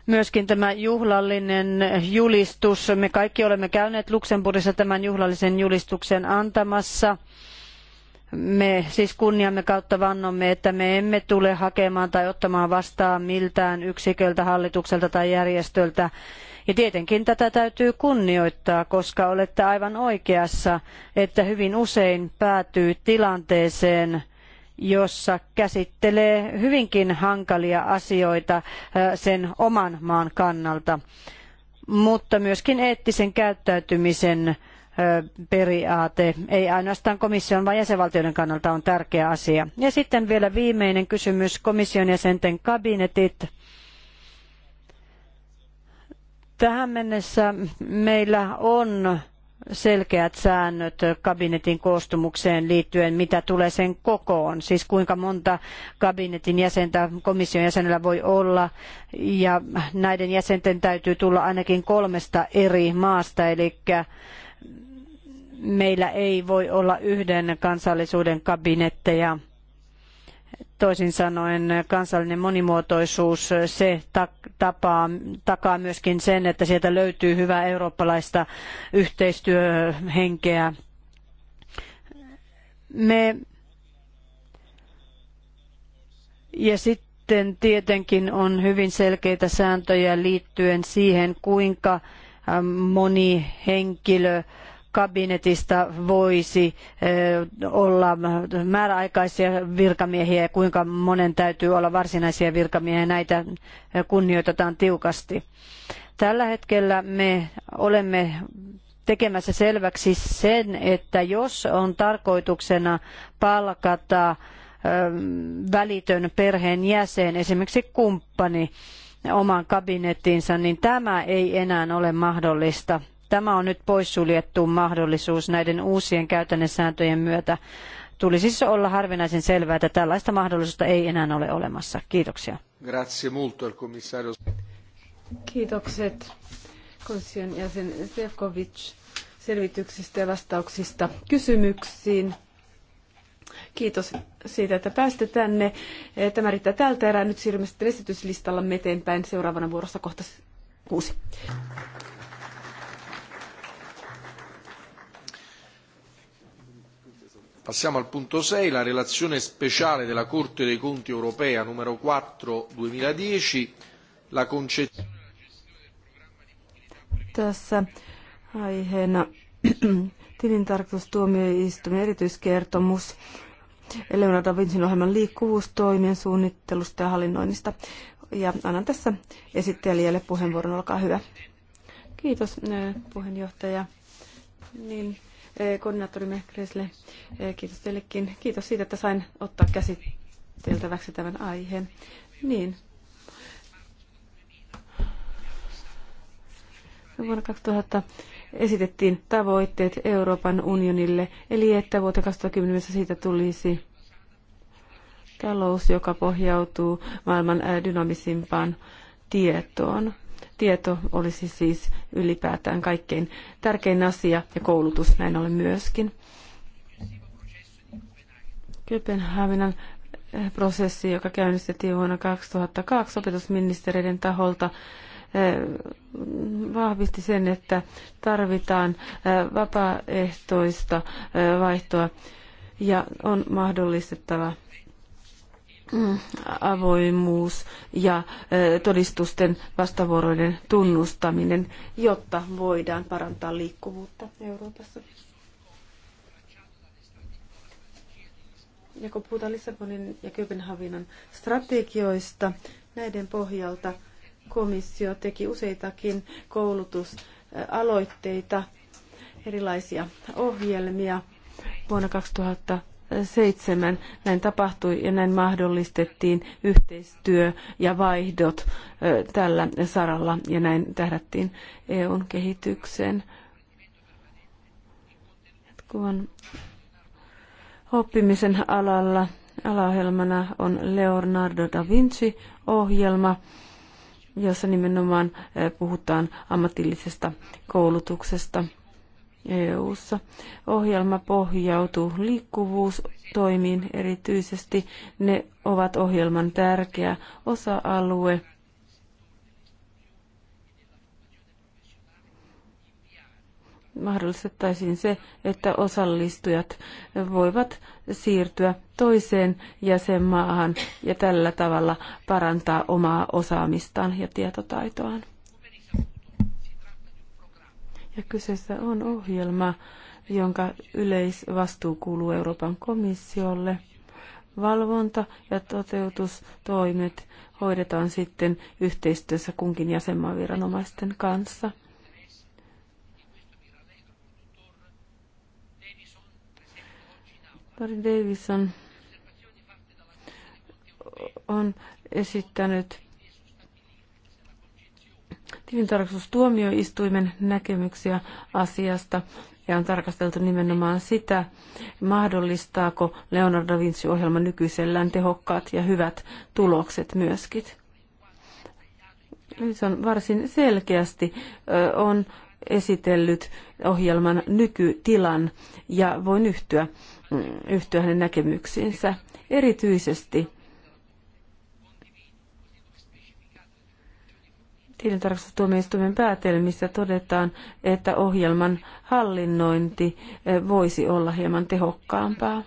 myöskin tämä juhlallinen julistus. Me kaikki olemme käyneet Luxemburgissa tämän juhlallisen julistuksen antamassa. Me siis kunniamme kautta vannomme, että me emme tule hakemaan tai ottamaan vastaan miltään yksiköltä, hallitukselta tai järjestöltä. Ja tietenkin tätä täytyy kunnioittaa, koska olette aivan oikeassa, että hyvin usein päätyy tilanteeseen, jossa käsittelee hyvinkin hankalia asioita sen oman maan kannalta, mutta myöskin eettisen käyttäytymisen periaate, ei ainoastaan komission, vaan jäsenvaltioiden kannalta on tärkeä asia. Ja sitten vielä viimeinen kysymys, komission jäsenten kabinetit. Tähän mennessä meillä on selkeät säännöt kabinetin koostumukseen liittyen, mitä tulee sen kokoon, siis kuinka monta kabinetin jäsentä komission jäsenellä voi olla, ja näiden jäsenten täytyy tulla ainakin kolmesta eri maasta, eli meillä ei voi olla yhden kansallisuuden kabinetteja. Toisin sanoen kansallinen monimuotoisuus, se tapaa, takaa myöskin sen, että sieltä löytyy hyvää eurooppalaista yhteistyöhenkeä. Me ja sitten tietenkin on hyvin selkeitä sääntöjä liittyen siihen, kuinka moni henkilö kabinetista voisi olla määräaikaisia virkamiehiä ja kuinka monen täytyy olla varsinaisia virkamiehiä. Näitä kunnioitetaan tiukasti. Tällä hetkellä me olemme tekemässä selväksi sen, että jos on tarkoituksena palkata välitön perheenjäsen, esimerkiksi kumppani, oman kabinettiinsa, niin tämä ei enää ole mahdollista Tämä on nyt poissuljettu mahdollisuus näiden uusien käytännön sääntöjen myötä. Tulisi siis olla harvinaisen selvää, että tällaista mahdollisuutta ei enää ole olemassa. Kiitoksia. Grazie molto al commissario. Kiitokset komission jäsen Sefcovic selvityksistä ja vastauksista kysymyksiin. Kiitos siitä, että pääsitte tänne. Eh, tämä riittää tältä erää. Nyt siirrymme sitten esityslistalla eteenpäin. Seuraavana vuorossa kohta kuusi. Passiamo al punto 6, la relazione speciale della Corte dei Conti europea numero 4 2010, la concezione tässä aiheena tilintarkastustuomioistuimen erityiskertomus Eleonora da Vincin ohjelman liikkuvuustoimien suunnittelusta ja hallinnoinnista. Ja annan tässä esittelijälle puheenvuoron, olkaa hyvä. Kiitos eh, puheenjohtaja. Niin, koordinaattorimme Kresle. Eh, kiitos teillekin. Kiitos siitä, että sain ottaa käsiteltäväksi tämän aiheen. Niin. Vuonna 2000 esitettiin tavoitteet Euroopan unionille, eli että vuoteen 2010 siitä tulisi talous, joka pohjautuu maailman eh, dynaamisimpaan tietoon. Tieto olisi siis ylipäätään kaikkein tärkein asia ja koulutus näin ollen myöskin. Kööpenhaminan eh, prosessi, joka käynnistettiin vuonna 2002 opetusministeriöiden taholta, eh, vahvisti sen, että tarvitaan eh, vapaaehtoista vaihtoa ja on mahdollistettava avoimuus ja todistusten vastavuoroinen tunnustaminen, jotta voidaan parantaa liikkuvuutta Euroopassa. Ja kun puhutaan Lissabonin ja Kööpenhavinan strategioista, näiden pohjalta komissio teki useitakin koulutusaloitteita, erilaisia ohjelmia. Vuonna 2000 Seitsemän näin tapahtui ja näin mahdollistettiin yhteistyö ja vaihdot tällä saralla ja näin tähdättiin EUn kehitykseen. Jatkuvan oppimisen alalla alaohjelmana on Leonardo da Vinci-ohjelma, jossa nimenomaan puhutaan ammatillisesta koulutuksesta – EU-ssa. Ohjelma pohjautuu liikkuvuustoimiin erityisesti. Ne ovat ohjelman tärkeä osa-alue. mahdollistettaisiin se, että osallistujat voivat siirtyä toiseen jäsenmaahan ja tällä tavalla parantaa omaa osaamistaan ja tietotaitoaan. Ja kyseessä on ohjelma, jonka yleisvastuu kuuluu Euroopan komissiolle. Valvonta ja toteutustoimet hoidetaan sitten yhteistyössä kunkin jäsenmaan viranomaisten kanssa. Tori Davison on esittänyt tilintarkastustuomioistuimen näkemyksiä asiasta ja on tarkasteltu nimenomaan sitä, mahdollistaako Leonardo Vinci-ohjelma nykyisellään tehokkaat ja hyvät tulokset myöskin. Se on varsin selkeästi on esitellyt ohjelman nykytilan ja voin yhtyä, mm, yhtyä hänen näkemyksiinsä. Erityisesti tilintarkastustuomioistuimen päätelmissä todetaan, että ohjelman hallinnointi eh, voisi olla hieman tehokkaampaa.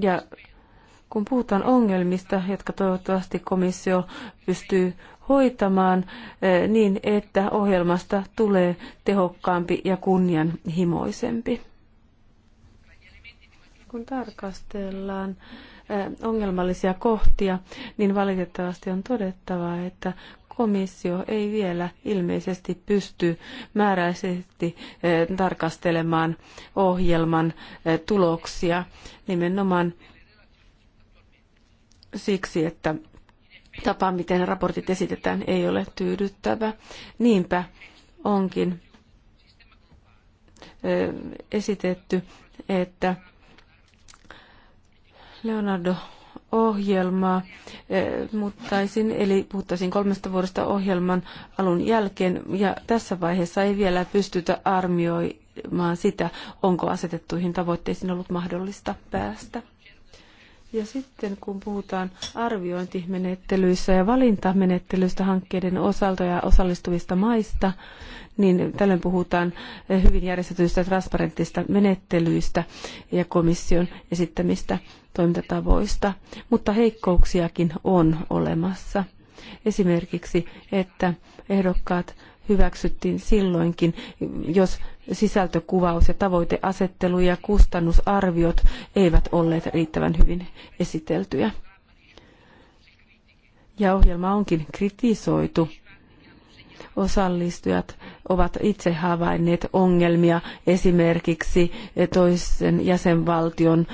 Ja kun puhutaan ongelmista, jotka toivottavasti komissio pystyy hoitamaan eh, niin, että ohjelmasta tulee tehokkaampi ja kunnianhimoisempi. Kun tarkastellaan ongelmallisia kohtia, niin valitettavasti on todettava, että komissio ei vielä ilmeisesti pysty määräisesti tarkastelemaan ohjelman tuloksia nimenomaan siksi, että tapa, miten raportit esitetään, ei ole tyydyttävä. Niinpä onkin esitetty, että Leonardo-ohjelmaa eh, muuttaisin, eli puhuttaisiin kolmesta vuodesta ohjelman alun jälkeen, ja tässä vaiheessa ei vielä pystytä arvioimaan sitä, onko asetettuihin tavoitteisiin ollut mahdollista päästä. Ja sitten kun puhutaan arviointimenettelyistä ja valintamenettelyistä hankkeiden osalta ja osallistuvista maista, niin tällöin puhutaan hyvin järjestetyistä transparenttista menettelyistä ja komission esittämistä toimintatavoista, mutta heikkouksiakin on olemassa. Esimerkiksi, että ehdokkaat hyväksyttiin silloinkin, jos sisältökuvaus ja tavoiteasettelu ja kustannusarviot eivät olleet riittävän hyvin esiteltyjä. Ja ohjelma onkin kritisoitu. Osallistujat ovat itse havainneet ongelmia esimerkiksi toisen jäsenvaltion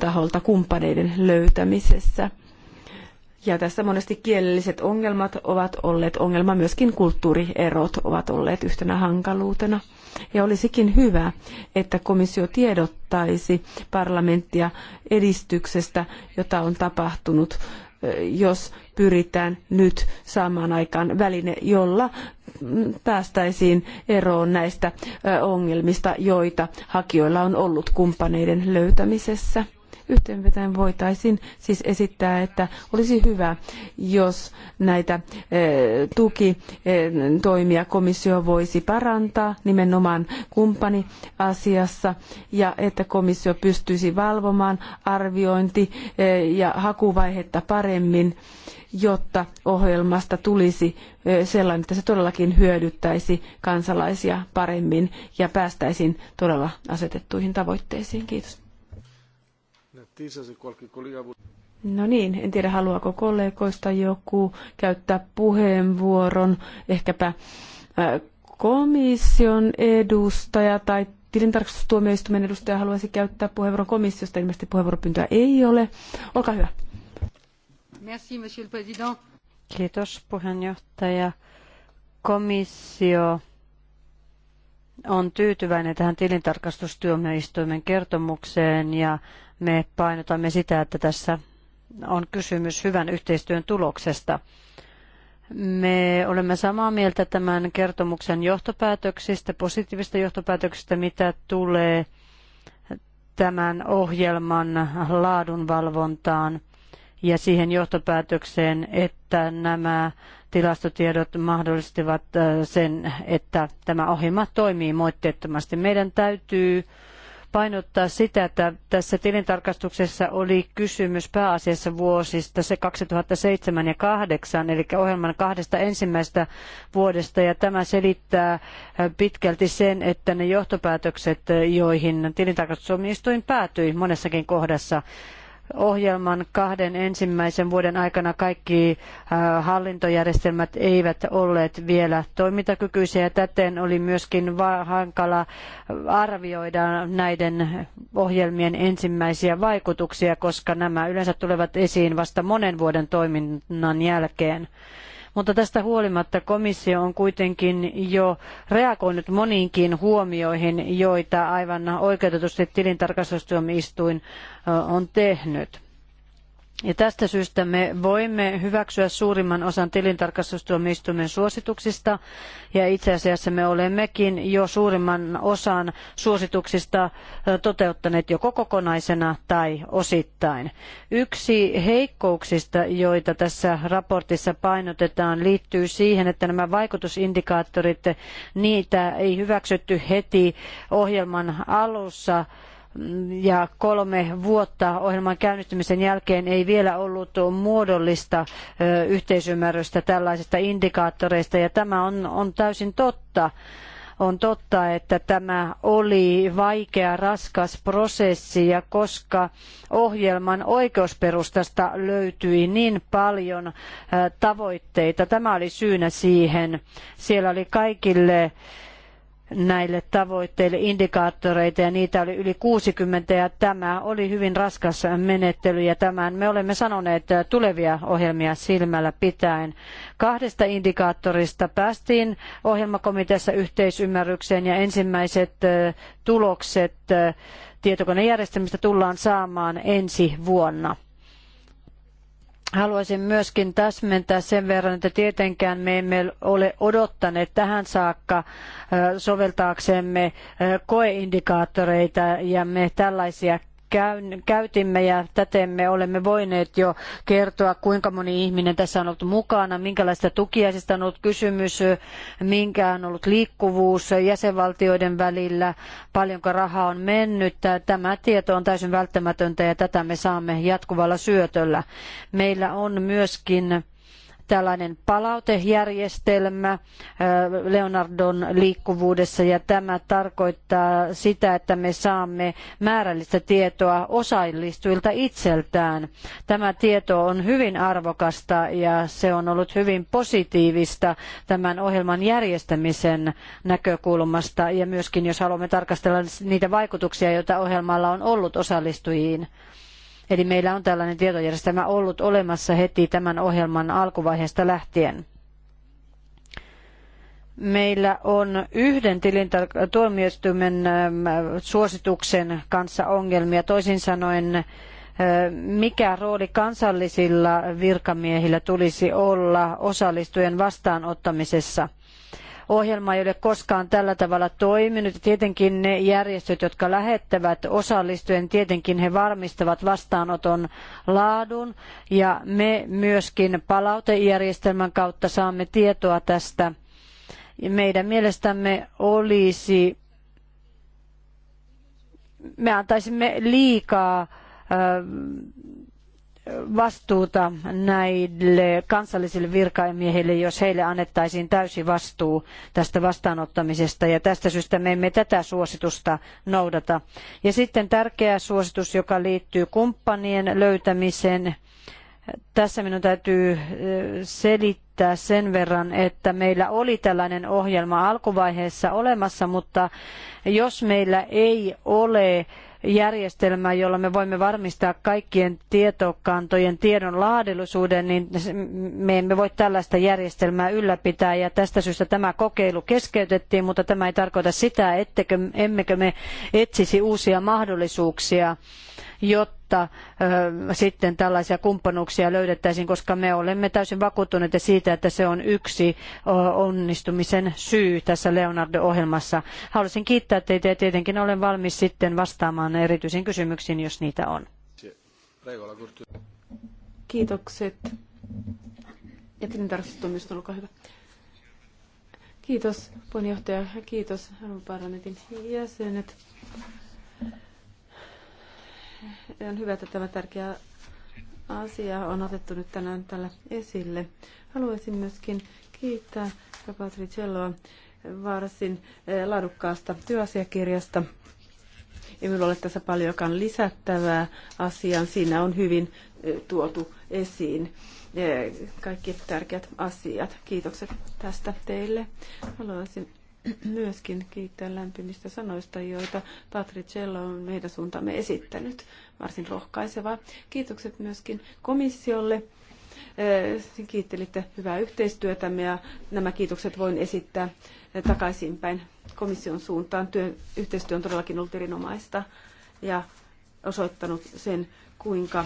taholta kumppaneiden löytämisessä – ja tässä monesti kielelliset ongelmat ovat olleet ongelma, myöskin kulttuurierot ovat olleet yhtenä hankaluutena. Ja olisikin hyvä, että komissio tiedottaisi parlamenttia edistyksestä, jota on tapahtunut, jos pyritään nyt saamaan aikaan väline, jolla mm, päästäisiin eroon näistä ongelmista, joita hakijoilla on ollut kumppaneiden löytämisessä Yhteenvetäen voitaisiin siis esittää, että olisi hyvä, jos näitä eh, tukitoimia eh, komissio voisi parantaa nimenomaan kumppaniasiassa ja että komissio pystyisi valvomaan arviointi- eh, ja hakuvaihetta paremmin jotta ohjelmasta tulisi sellainen, että se todellakin hyödyttäisi kansalaisia paremmin ja päästäisiin todella asetettuihin tavoitteisiin. Kiitos. No niin, en tiedä haluaako kollegoista joku käyttää puheenvuoron, ehkäpä äh, komission edustaja tai tilintarkastustuomioistuimen edustaja haluaisi käyttää puheenvuoron komissiosta. Ilmeisesti puheenvuoropyyntöä ei ole. Olkaa hyvä. Merci, monsieur le président. Kiitos puheenjohtaja. Komissio on tyytyväinen tähän tilintarkastustuomioistuimen kertomukseen ja me painotamme sitä, että tässä on kysymys hyvän yhteistyön tuloksesta. Me olemme samaa mieltä tämän kertomuksen johtopäätöksistä, positiivista johtopäätöksistä, mitä tulee tämän ohjelman laadunvalvontaan ja siihen johtopäätökseen, että nämä tilastotiedot mahdollistivat äh, sen, että tämä ohjelma toimii moitteettomasti. Meidän täytyy painottaa sitä, että tässä tilintarkastuksessa oli kysymys pääasiassa vuosista se 2007 ja 2008, eli ohjelman kahdesta ensimmäisestä vuodesta, ja tämä selittää äh, pitkälti sen, että ne johtopäätökset, joihin tilintarkastusomistuin päätyi monessakin kohdassa, ohjelman kahden ensimmäisen vuoden aikana kaikki äh, hallintojärjestelmät eivät olleet vielä toimintakykyisiä ja täten oli myöskin hankala arvioida näiden ohjelmien ensimmäisiä vaikutuksia, koska nämä yleensä tulevat esiin vasta monen vuoden toiminnan jälkeen. Mutta tästä huolimatta komissio on kuitenkin jo reagoinut moniinkin huomioihin, joita aivan oikeutetusti tilintarkastustuomioistuin on tehnyt. Ja tästä syystä me voimme hyväksyä suurimman osan tilintarkastustuomioistuimen suosituksista ja itse asiassa me olemmekin jo suurimman osan suosituksista toteuttaneet joko kokonaisena tai osittain. Yksi heikkouksista, joita tässä raportissa painotetaan, liittyy siihen, että nämä vaikutusindikaattorit, niitä ei hyväksytty heti ohjelman alussa ja kolme vuotta ohjelman käynnistymisen jälkeen ei vielä ollut muodollista yhteisymmärrystä tällaisista indikaattoreista ja tämä on, on täysin totta. On totta, että tämä oli vaikea, raskas prosessi ja koska ohjelman oikeusperustasta löytyi niin paljon tavoitteita, tämä oli syynä siihen. Siellä oli kaikille näille tavoitteille indikaattoreita ja niitä oli yli 60 ja tämä oli hyvin raskas menettely ja tämän me olemme sanoneet tulevia ohjelmia silmällä pitäen. Kahdesta indikaattorista päästiin ohjelmakomiteassa yhteisymmärrykseen ja ensimmäiset tulokset tietokonejärjestelmistä tullaan saamaan ensi vuonna Haluaisin myöskin täsmentää sen verran, että tietenkään me emme ole odottaneet tähän saakka soveltaaksemme koeindikaattoreita ja me tällaisia käytimme ja täten me olemme voineet jo kertoa, kuinka moni ihminen tässä on ollut mukana, minkälaista tukiaisista on ollut kysymys, minkä on ollut liikkuvuus jäsenvaltioiden välillä, paljonko rahaa on mennyt. Tämä tieto on täysin välttämätöntä ja tätä me saamme jatkuvalla syötöllä. Meillä on myöskin tällainen palautejärjestelmä äh, Leonardon liikkuvuudessa ja tämä tarkoittaa sitä, että me saamme määrällistä tietoa osallistujilta itseltään. Tämä tieto on hyvin arvokasta ja se on ollut hyvin positiivista tämän ohjelman järjestämisen näkökulmasta ja myöskin jos haluamme tarkastella niitä vaikutuksia, joita ohjelmalla on ollut osallistujiin. Eli meillä on tällainen tietojärjestelmä ollut olemassa heti tämän ohjelman alkuvaiheesta lähtien. Meillä on yhden tilintuomioistuimen ähm, suosituksen kanssa ongelmia. Toisin sanoen äh, mikä rooli kansallisilla virkamiehillä tulisi olla osallistujien vastaanottamisessa. Ohjelma ei ole koskaan tällä tavalla toiminut. Tietenkin ne järjestöt, jotka lähettävät osallistujen tietenkin he varmistavat vastaanoton laadun ja me myöskin palautejärjestelmän kautta saamme tietoa tästä. Meidän mielestämme olisi, me antaisimme liikaa vastuuta näille kansallisille virkamiehille, jos heille annettaisiin täysi vastuu tästä vastaanottamisesta. Ja tästä syystä me emme tätä suositusta noudata. Ja sitten tärkeä suositus, joka liittyy kumppanien löytämiseen. Tässä minun täytyy selittää sen verran, että meillä oli tällainen ohjelma alkuvaiheessa olemassa, mutta jos meillä ei ole järjestelmää, jolla me voimme varmistaa kaikkien tietokantojen tiedon laadullisuuden, niin me emme voi tällaista järjestelmää ylläpitää ja tästä syystä tämä kokeilu keskeytettiin, mutta tämä ei tarkoita sitä, ettekö, emmekö me etsisi uusia mahdollisuuksia jotta sitten tällaisia kumppanuuksia löydettäisiin, koska me olemme täysin vakuuttuneita siitä, että se on yksi onnistumisen syy tässä Leonardo-ohjelmassa. Haluaisin kiittää teitä ja tietenkin olen valmis sitten vastaamaan erityisiin kysymyksiin, jos niitä on. Kiitokset. Ja tilintarkastustoimisto, olkaa hyvä. Kiitos puheenjohtaja ja kiitos parlamentin jäsenet. On hyvä, että tämä tärkeä asia on otettu nyt tänään tällä esille. Haluaisin myöskin kiittää Celloa varsin eh, laadukkaasta työasiakirjasta. Ei minulla ole tässä paljonkaan lisättävää asiaa Siinä on hyvin eh, tuotu esiin eh, kaikki tärkeät asiat. Kiitokset tästä teille. Haluaisin myöskin kiittää lämpimistä sanoista, joita Cello on meidän suuntaamme esittänyt. Varsin rohkaisevaa. Kiitokset myöskin komissiolle. Äh, kiittelitte hyvää yhteistyötämme ja nämä kiitokset voin esittää äh, takaisinpäin komission suuntaan. Työ, yhteistyö on todellakin ollut erinomaista ja osoittanut sen, kuinka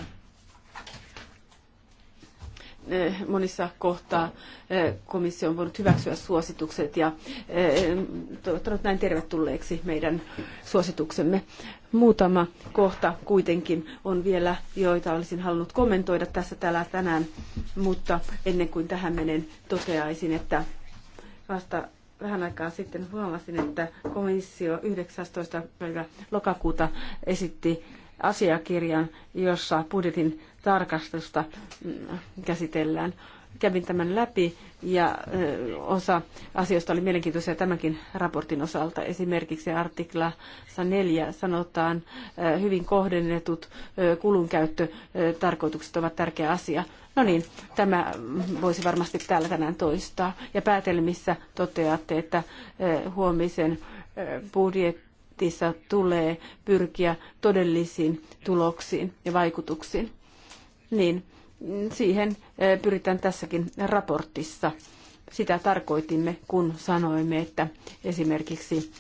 Eh, monissa kohtaa eh, komissio on voinut hyväksyä suositukset ja eh, toivottanut näin tervetulleeksi meidän suosituksemme. Muutama kohta kuitenkin on vielä, joita olisin halunnut kommentoida tässä täällä tänään, mutta ennen kuin tähän menen toteaisin, että vasta vähän aikaa sitten huomasin, että komissio 19. päivä lokakuuta esitti asiakirjan, jossa budjetin tarkastusta mm, käsitellään. Kävin tämän läpi ja osa asioista oli mielenkiintoisia tämänkin raportin osalta. Esimerkiksi artiklassa 4 sanotaan, hyvin kohdennetut kulunkäyttötarkoitukset ovat tärkeä asia. No niin, tämä voisi varmasti täällä tänään toistaa. Ja päätelmissä toteatte, että huomisen budjetti budjetissa tulee pyrkiä todellisiin tuloksiin ja vaikutuksiin. Niin siihen eh, pyritään tässäkin raportissa. Sitä tarkoitimme, kun sanoimme, että esimerkiksi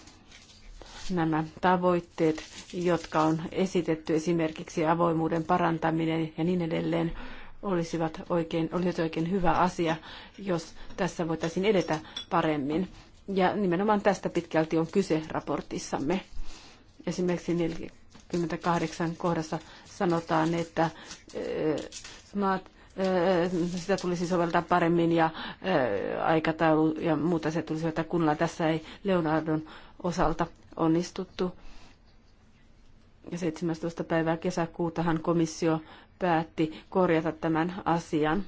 nämä tavoitteet, jotka on esitetty, esimerkiksi avoimuuden parantaminen ja niin edelleen, olisivat oikein, olisivat oikein hyvä asia, jos tässä voitaisiin edetä paremmin. Ja nimenomaan tästä pitkälti on kyse raportissamme. Esimerkiksi 48 kohdassa sanotaan, että eh, maat eh, sitä tulisi soveltaa paremmin ja eh, aikataulu ja muuta se tulisi soveltaa kunnolla. Tässä ei Leonardon osalta onnistuttu. 17. päivää kesäkuutahan komissio päätti korjata tämän asian.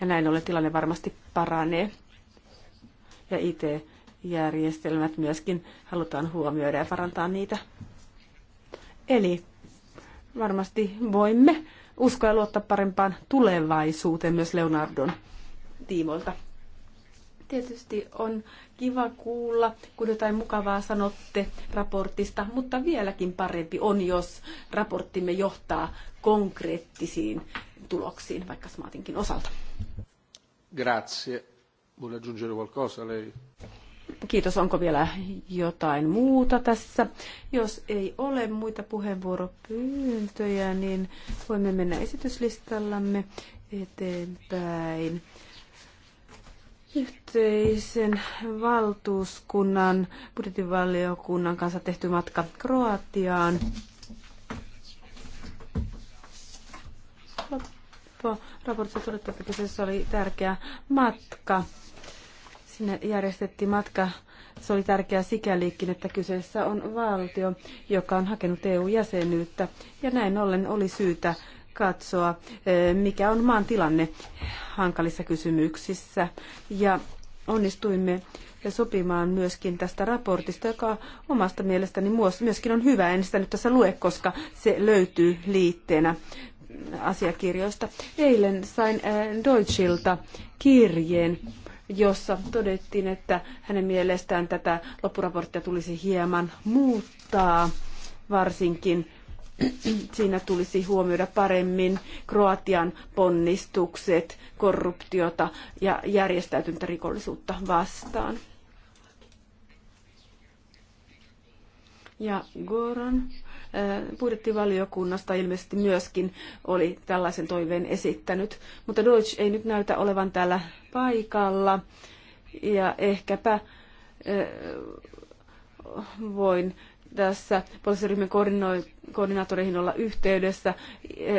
Ja näin ollen tilanne varmasti paranee ja IT-järjestelmät myöskin halutaan huomioida ja parantaa niitä. Eli varmasti voimme uskoa ja luottaa parempaan tulevaisuuteen myös Leonardon tiimoilta. Tietysti on kiva kuulla, kun jotain mukavaa sanotte raportista, mutta vieläkin parempi on, jos raporttimme johtaa konkreettisiin tuloksiin, vaikka Smartinkin osalta. Grazie. Vuole aggiungere qualcosa lei? Kiitos. Onko vielä jotain muuta tässä? Jos ei ole muita puheenvuoropyyntöjä, niin voimme mennä esityslistallamme eteenpäin. Yhteisen valtuuskunnan, budjetinvaliokunnan kanssa tehty matka Kroatiaan. Loppa raportissa todettu, että kyseessä oli tärkeä matka. Sinne järjestettiin matka. Se oli tärkeä sikäliikin, että kyseessä on valtio, joka on hakenut EU-jäsenyyttä. Ja näin ollen oli syytä katsoa, eh, mikä on maan tilanne hankalissa kysymyksissä. Ja onnistuimme sopimaan myöskin tästä raportista, joka omasta mielestäni myöskin on hyvä. En sitä nyt tässä lue, koska se löytyy liitteenä asiakirjoista. Eilen sain äh, Deutschilta kirjeen, jossa todettiin, että hänen mielestään tätä loppuraporttia tulisi hieman muuttaa, varsinkin siinä tulisi huomioida paremmin Kroatian ponnistukset, korruptiota ja järjestäytyntä rikollisuutta vastaan. Ja Goran budjettivaliokunnasta ilmeisesti myöskin oli tällaisen toiveen esittänyt. Mutta Deutsch ei nyt näytä olevan täällä paikalla ja ehkäpä voin tässä poliisiryhmän koordinaattoreihin olla yhteydessä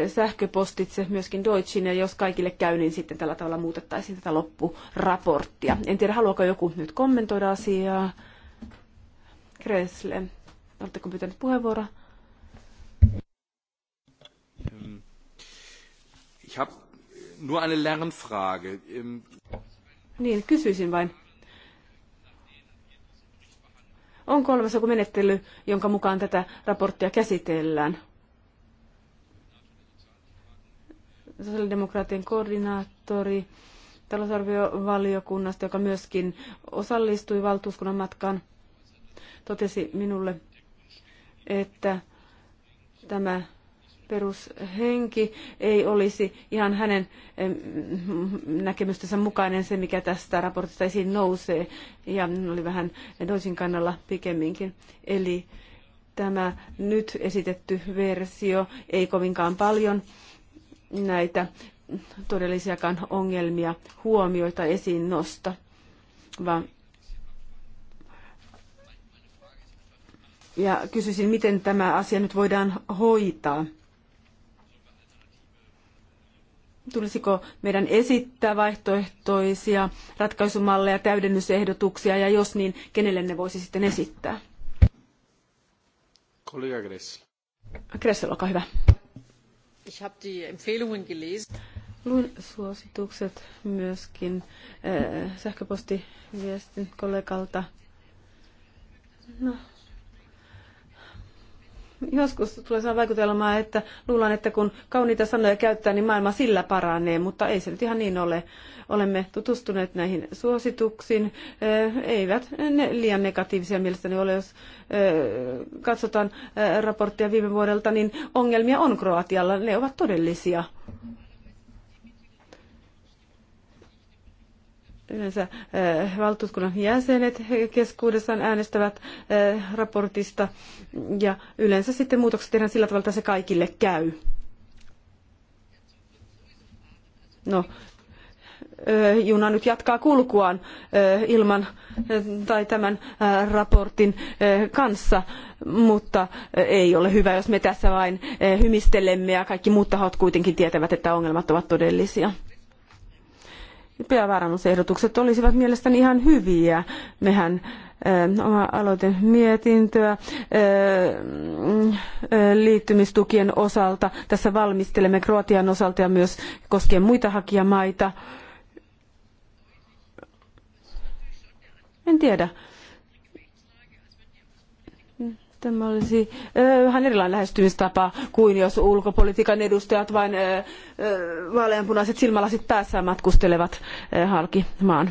sähköpostitse myöskin Deutschin, ja jos kaikille käy, niin sitten tällä tavalla muutettaisiin tätä loppuraporttia. En tiedä, haluaako joku nyt kommentoida asiaa. Kresle, oletteko pyytänyt puheenvuoroa? Ich habe nur eine Lernfrage. Ähm, niin, kysyisin vain. Onko olemassa joku menettely, jonka mukaan tätä raporttia käsitellään? Sosiaalidemokraattien koordinaattori talousarviovaliokunnasta, joka myöskin osallistui valtuuskunnan matkaan, totesi minulle, että tämä perushenki ei olisi ihan hänen näkemystensä mukainen se, mikä tästä raportista esiin nousee. Ja oli vähän toisin kannalla pikemminkin. Eli tämä nyt esitetty versio ei kovinkaan paljon näitä todellisiakaan ongelmia huomioita esiin nosta, vaan ja kysyisin, miten tämä asia nyt voidaan hoitaa tulisiko meidän esittää vaihtoehtoisia ratkaisumalleja, täydennysehdotuksia ja jos niin, kenelle ne voisi sitten esittää? Kollega Gressel. Gressel, olkaa hyvä. Ich habe die Empfehlungen gelesen. Luin suositukset myöskin äh, sähköpostiviestin kollegalta. No, Joskus tulee sellainen vaikutelma, että luulen, että kun kauniita sanoja käyttää, niin maailma sillä paranee, mutta ei se nyt ihan niin ole. Olemme tutustuneet näihin suosituksiin. Eivät ne liian negatiivisia mielestäni ole, jos katsotaan raporttia viime vuodelta, niin ongelmia on Kroatialla. Ne ovat todellisia yleensä eh, valtuuskunnan jäsenet keskuudessaan äänestävät eh, raportista ja yleensä sitten muutokset tehdään sillä tavalla, että se kaikille käy. No, eh, juna nyt jatkaa kulkuaan ilman tai tämän raportin kanssa, mutta ei ole hyvä, jos me tässä vain hymistelemme ja kaikki muut tahot kuitenkin tietävät, että ongelmat ovat todellisia. Päävaramusehdotukset olisivat mielestäni ihan hyviä. Mehän oma aloite mietintöä liittymistukien osalta. Tässä valmistelemme Kroatian osalta ja myös koskien muita hakijamaita. En tiedä. Tämä olisi vähän erilainen lähestymistapa kuin jos ulkopolitiikan edustajat vain vaaleanpunaiset silmälasit päässään matkustelevat halki maan.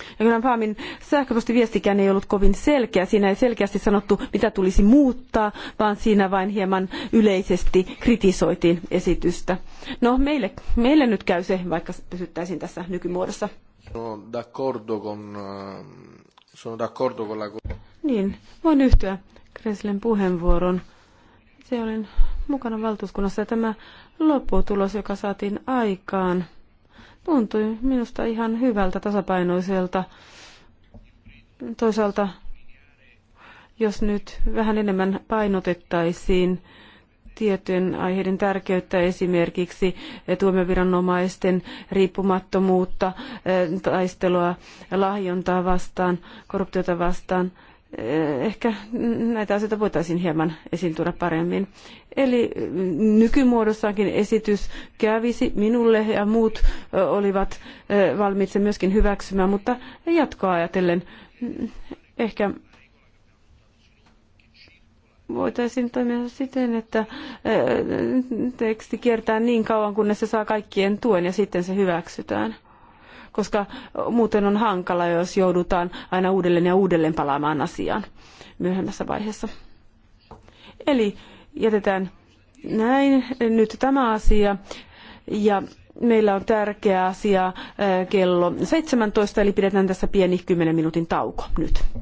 Ja kyllä Paamin sähköpostiviestikään ei ollut kovin selkeä. Siinä ei selkeästi sanottu, mitä tulisi muuttaa, vaan siinä vain hieman yleisesti kritisoitiin esitystä. No meille, meille nyt käy se, vaikka pysyttäisiin tässä nykymuodossa. No, d'accordo con Sono d'accordo con la... Niin, voin yhtyä Kreslen puheenvuoron. Se olen mukana valtuuskunnassa ja tämä lopputulos, joka saatiin aikaan, tuntui minusta ihan hyvältä, tasapainoiselta. Toisaalta, jos nyt vähän enemmän painotettaisiin tiettyjen aiheiden tärkeyttä, esimerkiksi eh, tuomioviranomaisten riippumattomuutta, eh, taistelua lahjontaa vastaan, korruptiota vastaan. Eh, ehkä näitä asioita voitaisiin hieman esiin tuoda paremmin. Eli mm, nykymuodossaankin esitys kävisi minulle ja muut olivat valmiit sen myöskin hyväksymään, mutta jatkoa ajatellen mm, ehkä voitaisiin toimia siten, että teksti kiertää niin kauan, kunnes se saa kaikkien tuen ja sitten se hyväksytään. Koska muuten on hankala, jos joudutaan aina uudelleen ja uudelleen palaamaan asiaan myöhemmässä vaiheessa. Eli jätetään näin nyt tämä asia. Ja meillä on tärkeä asia kello 17, eli pidetään tässä pieni 10 minuutin tauko nyt.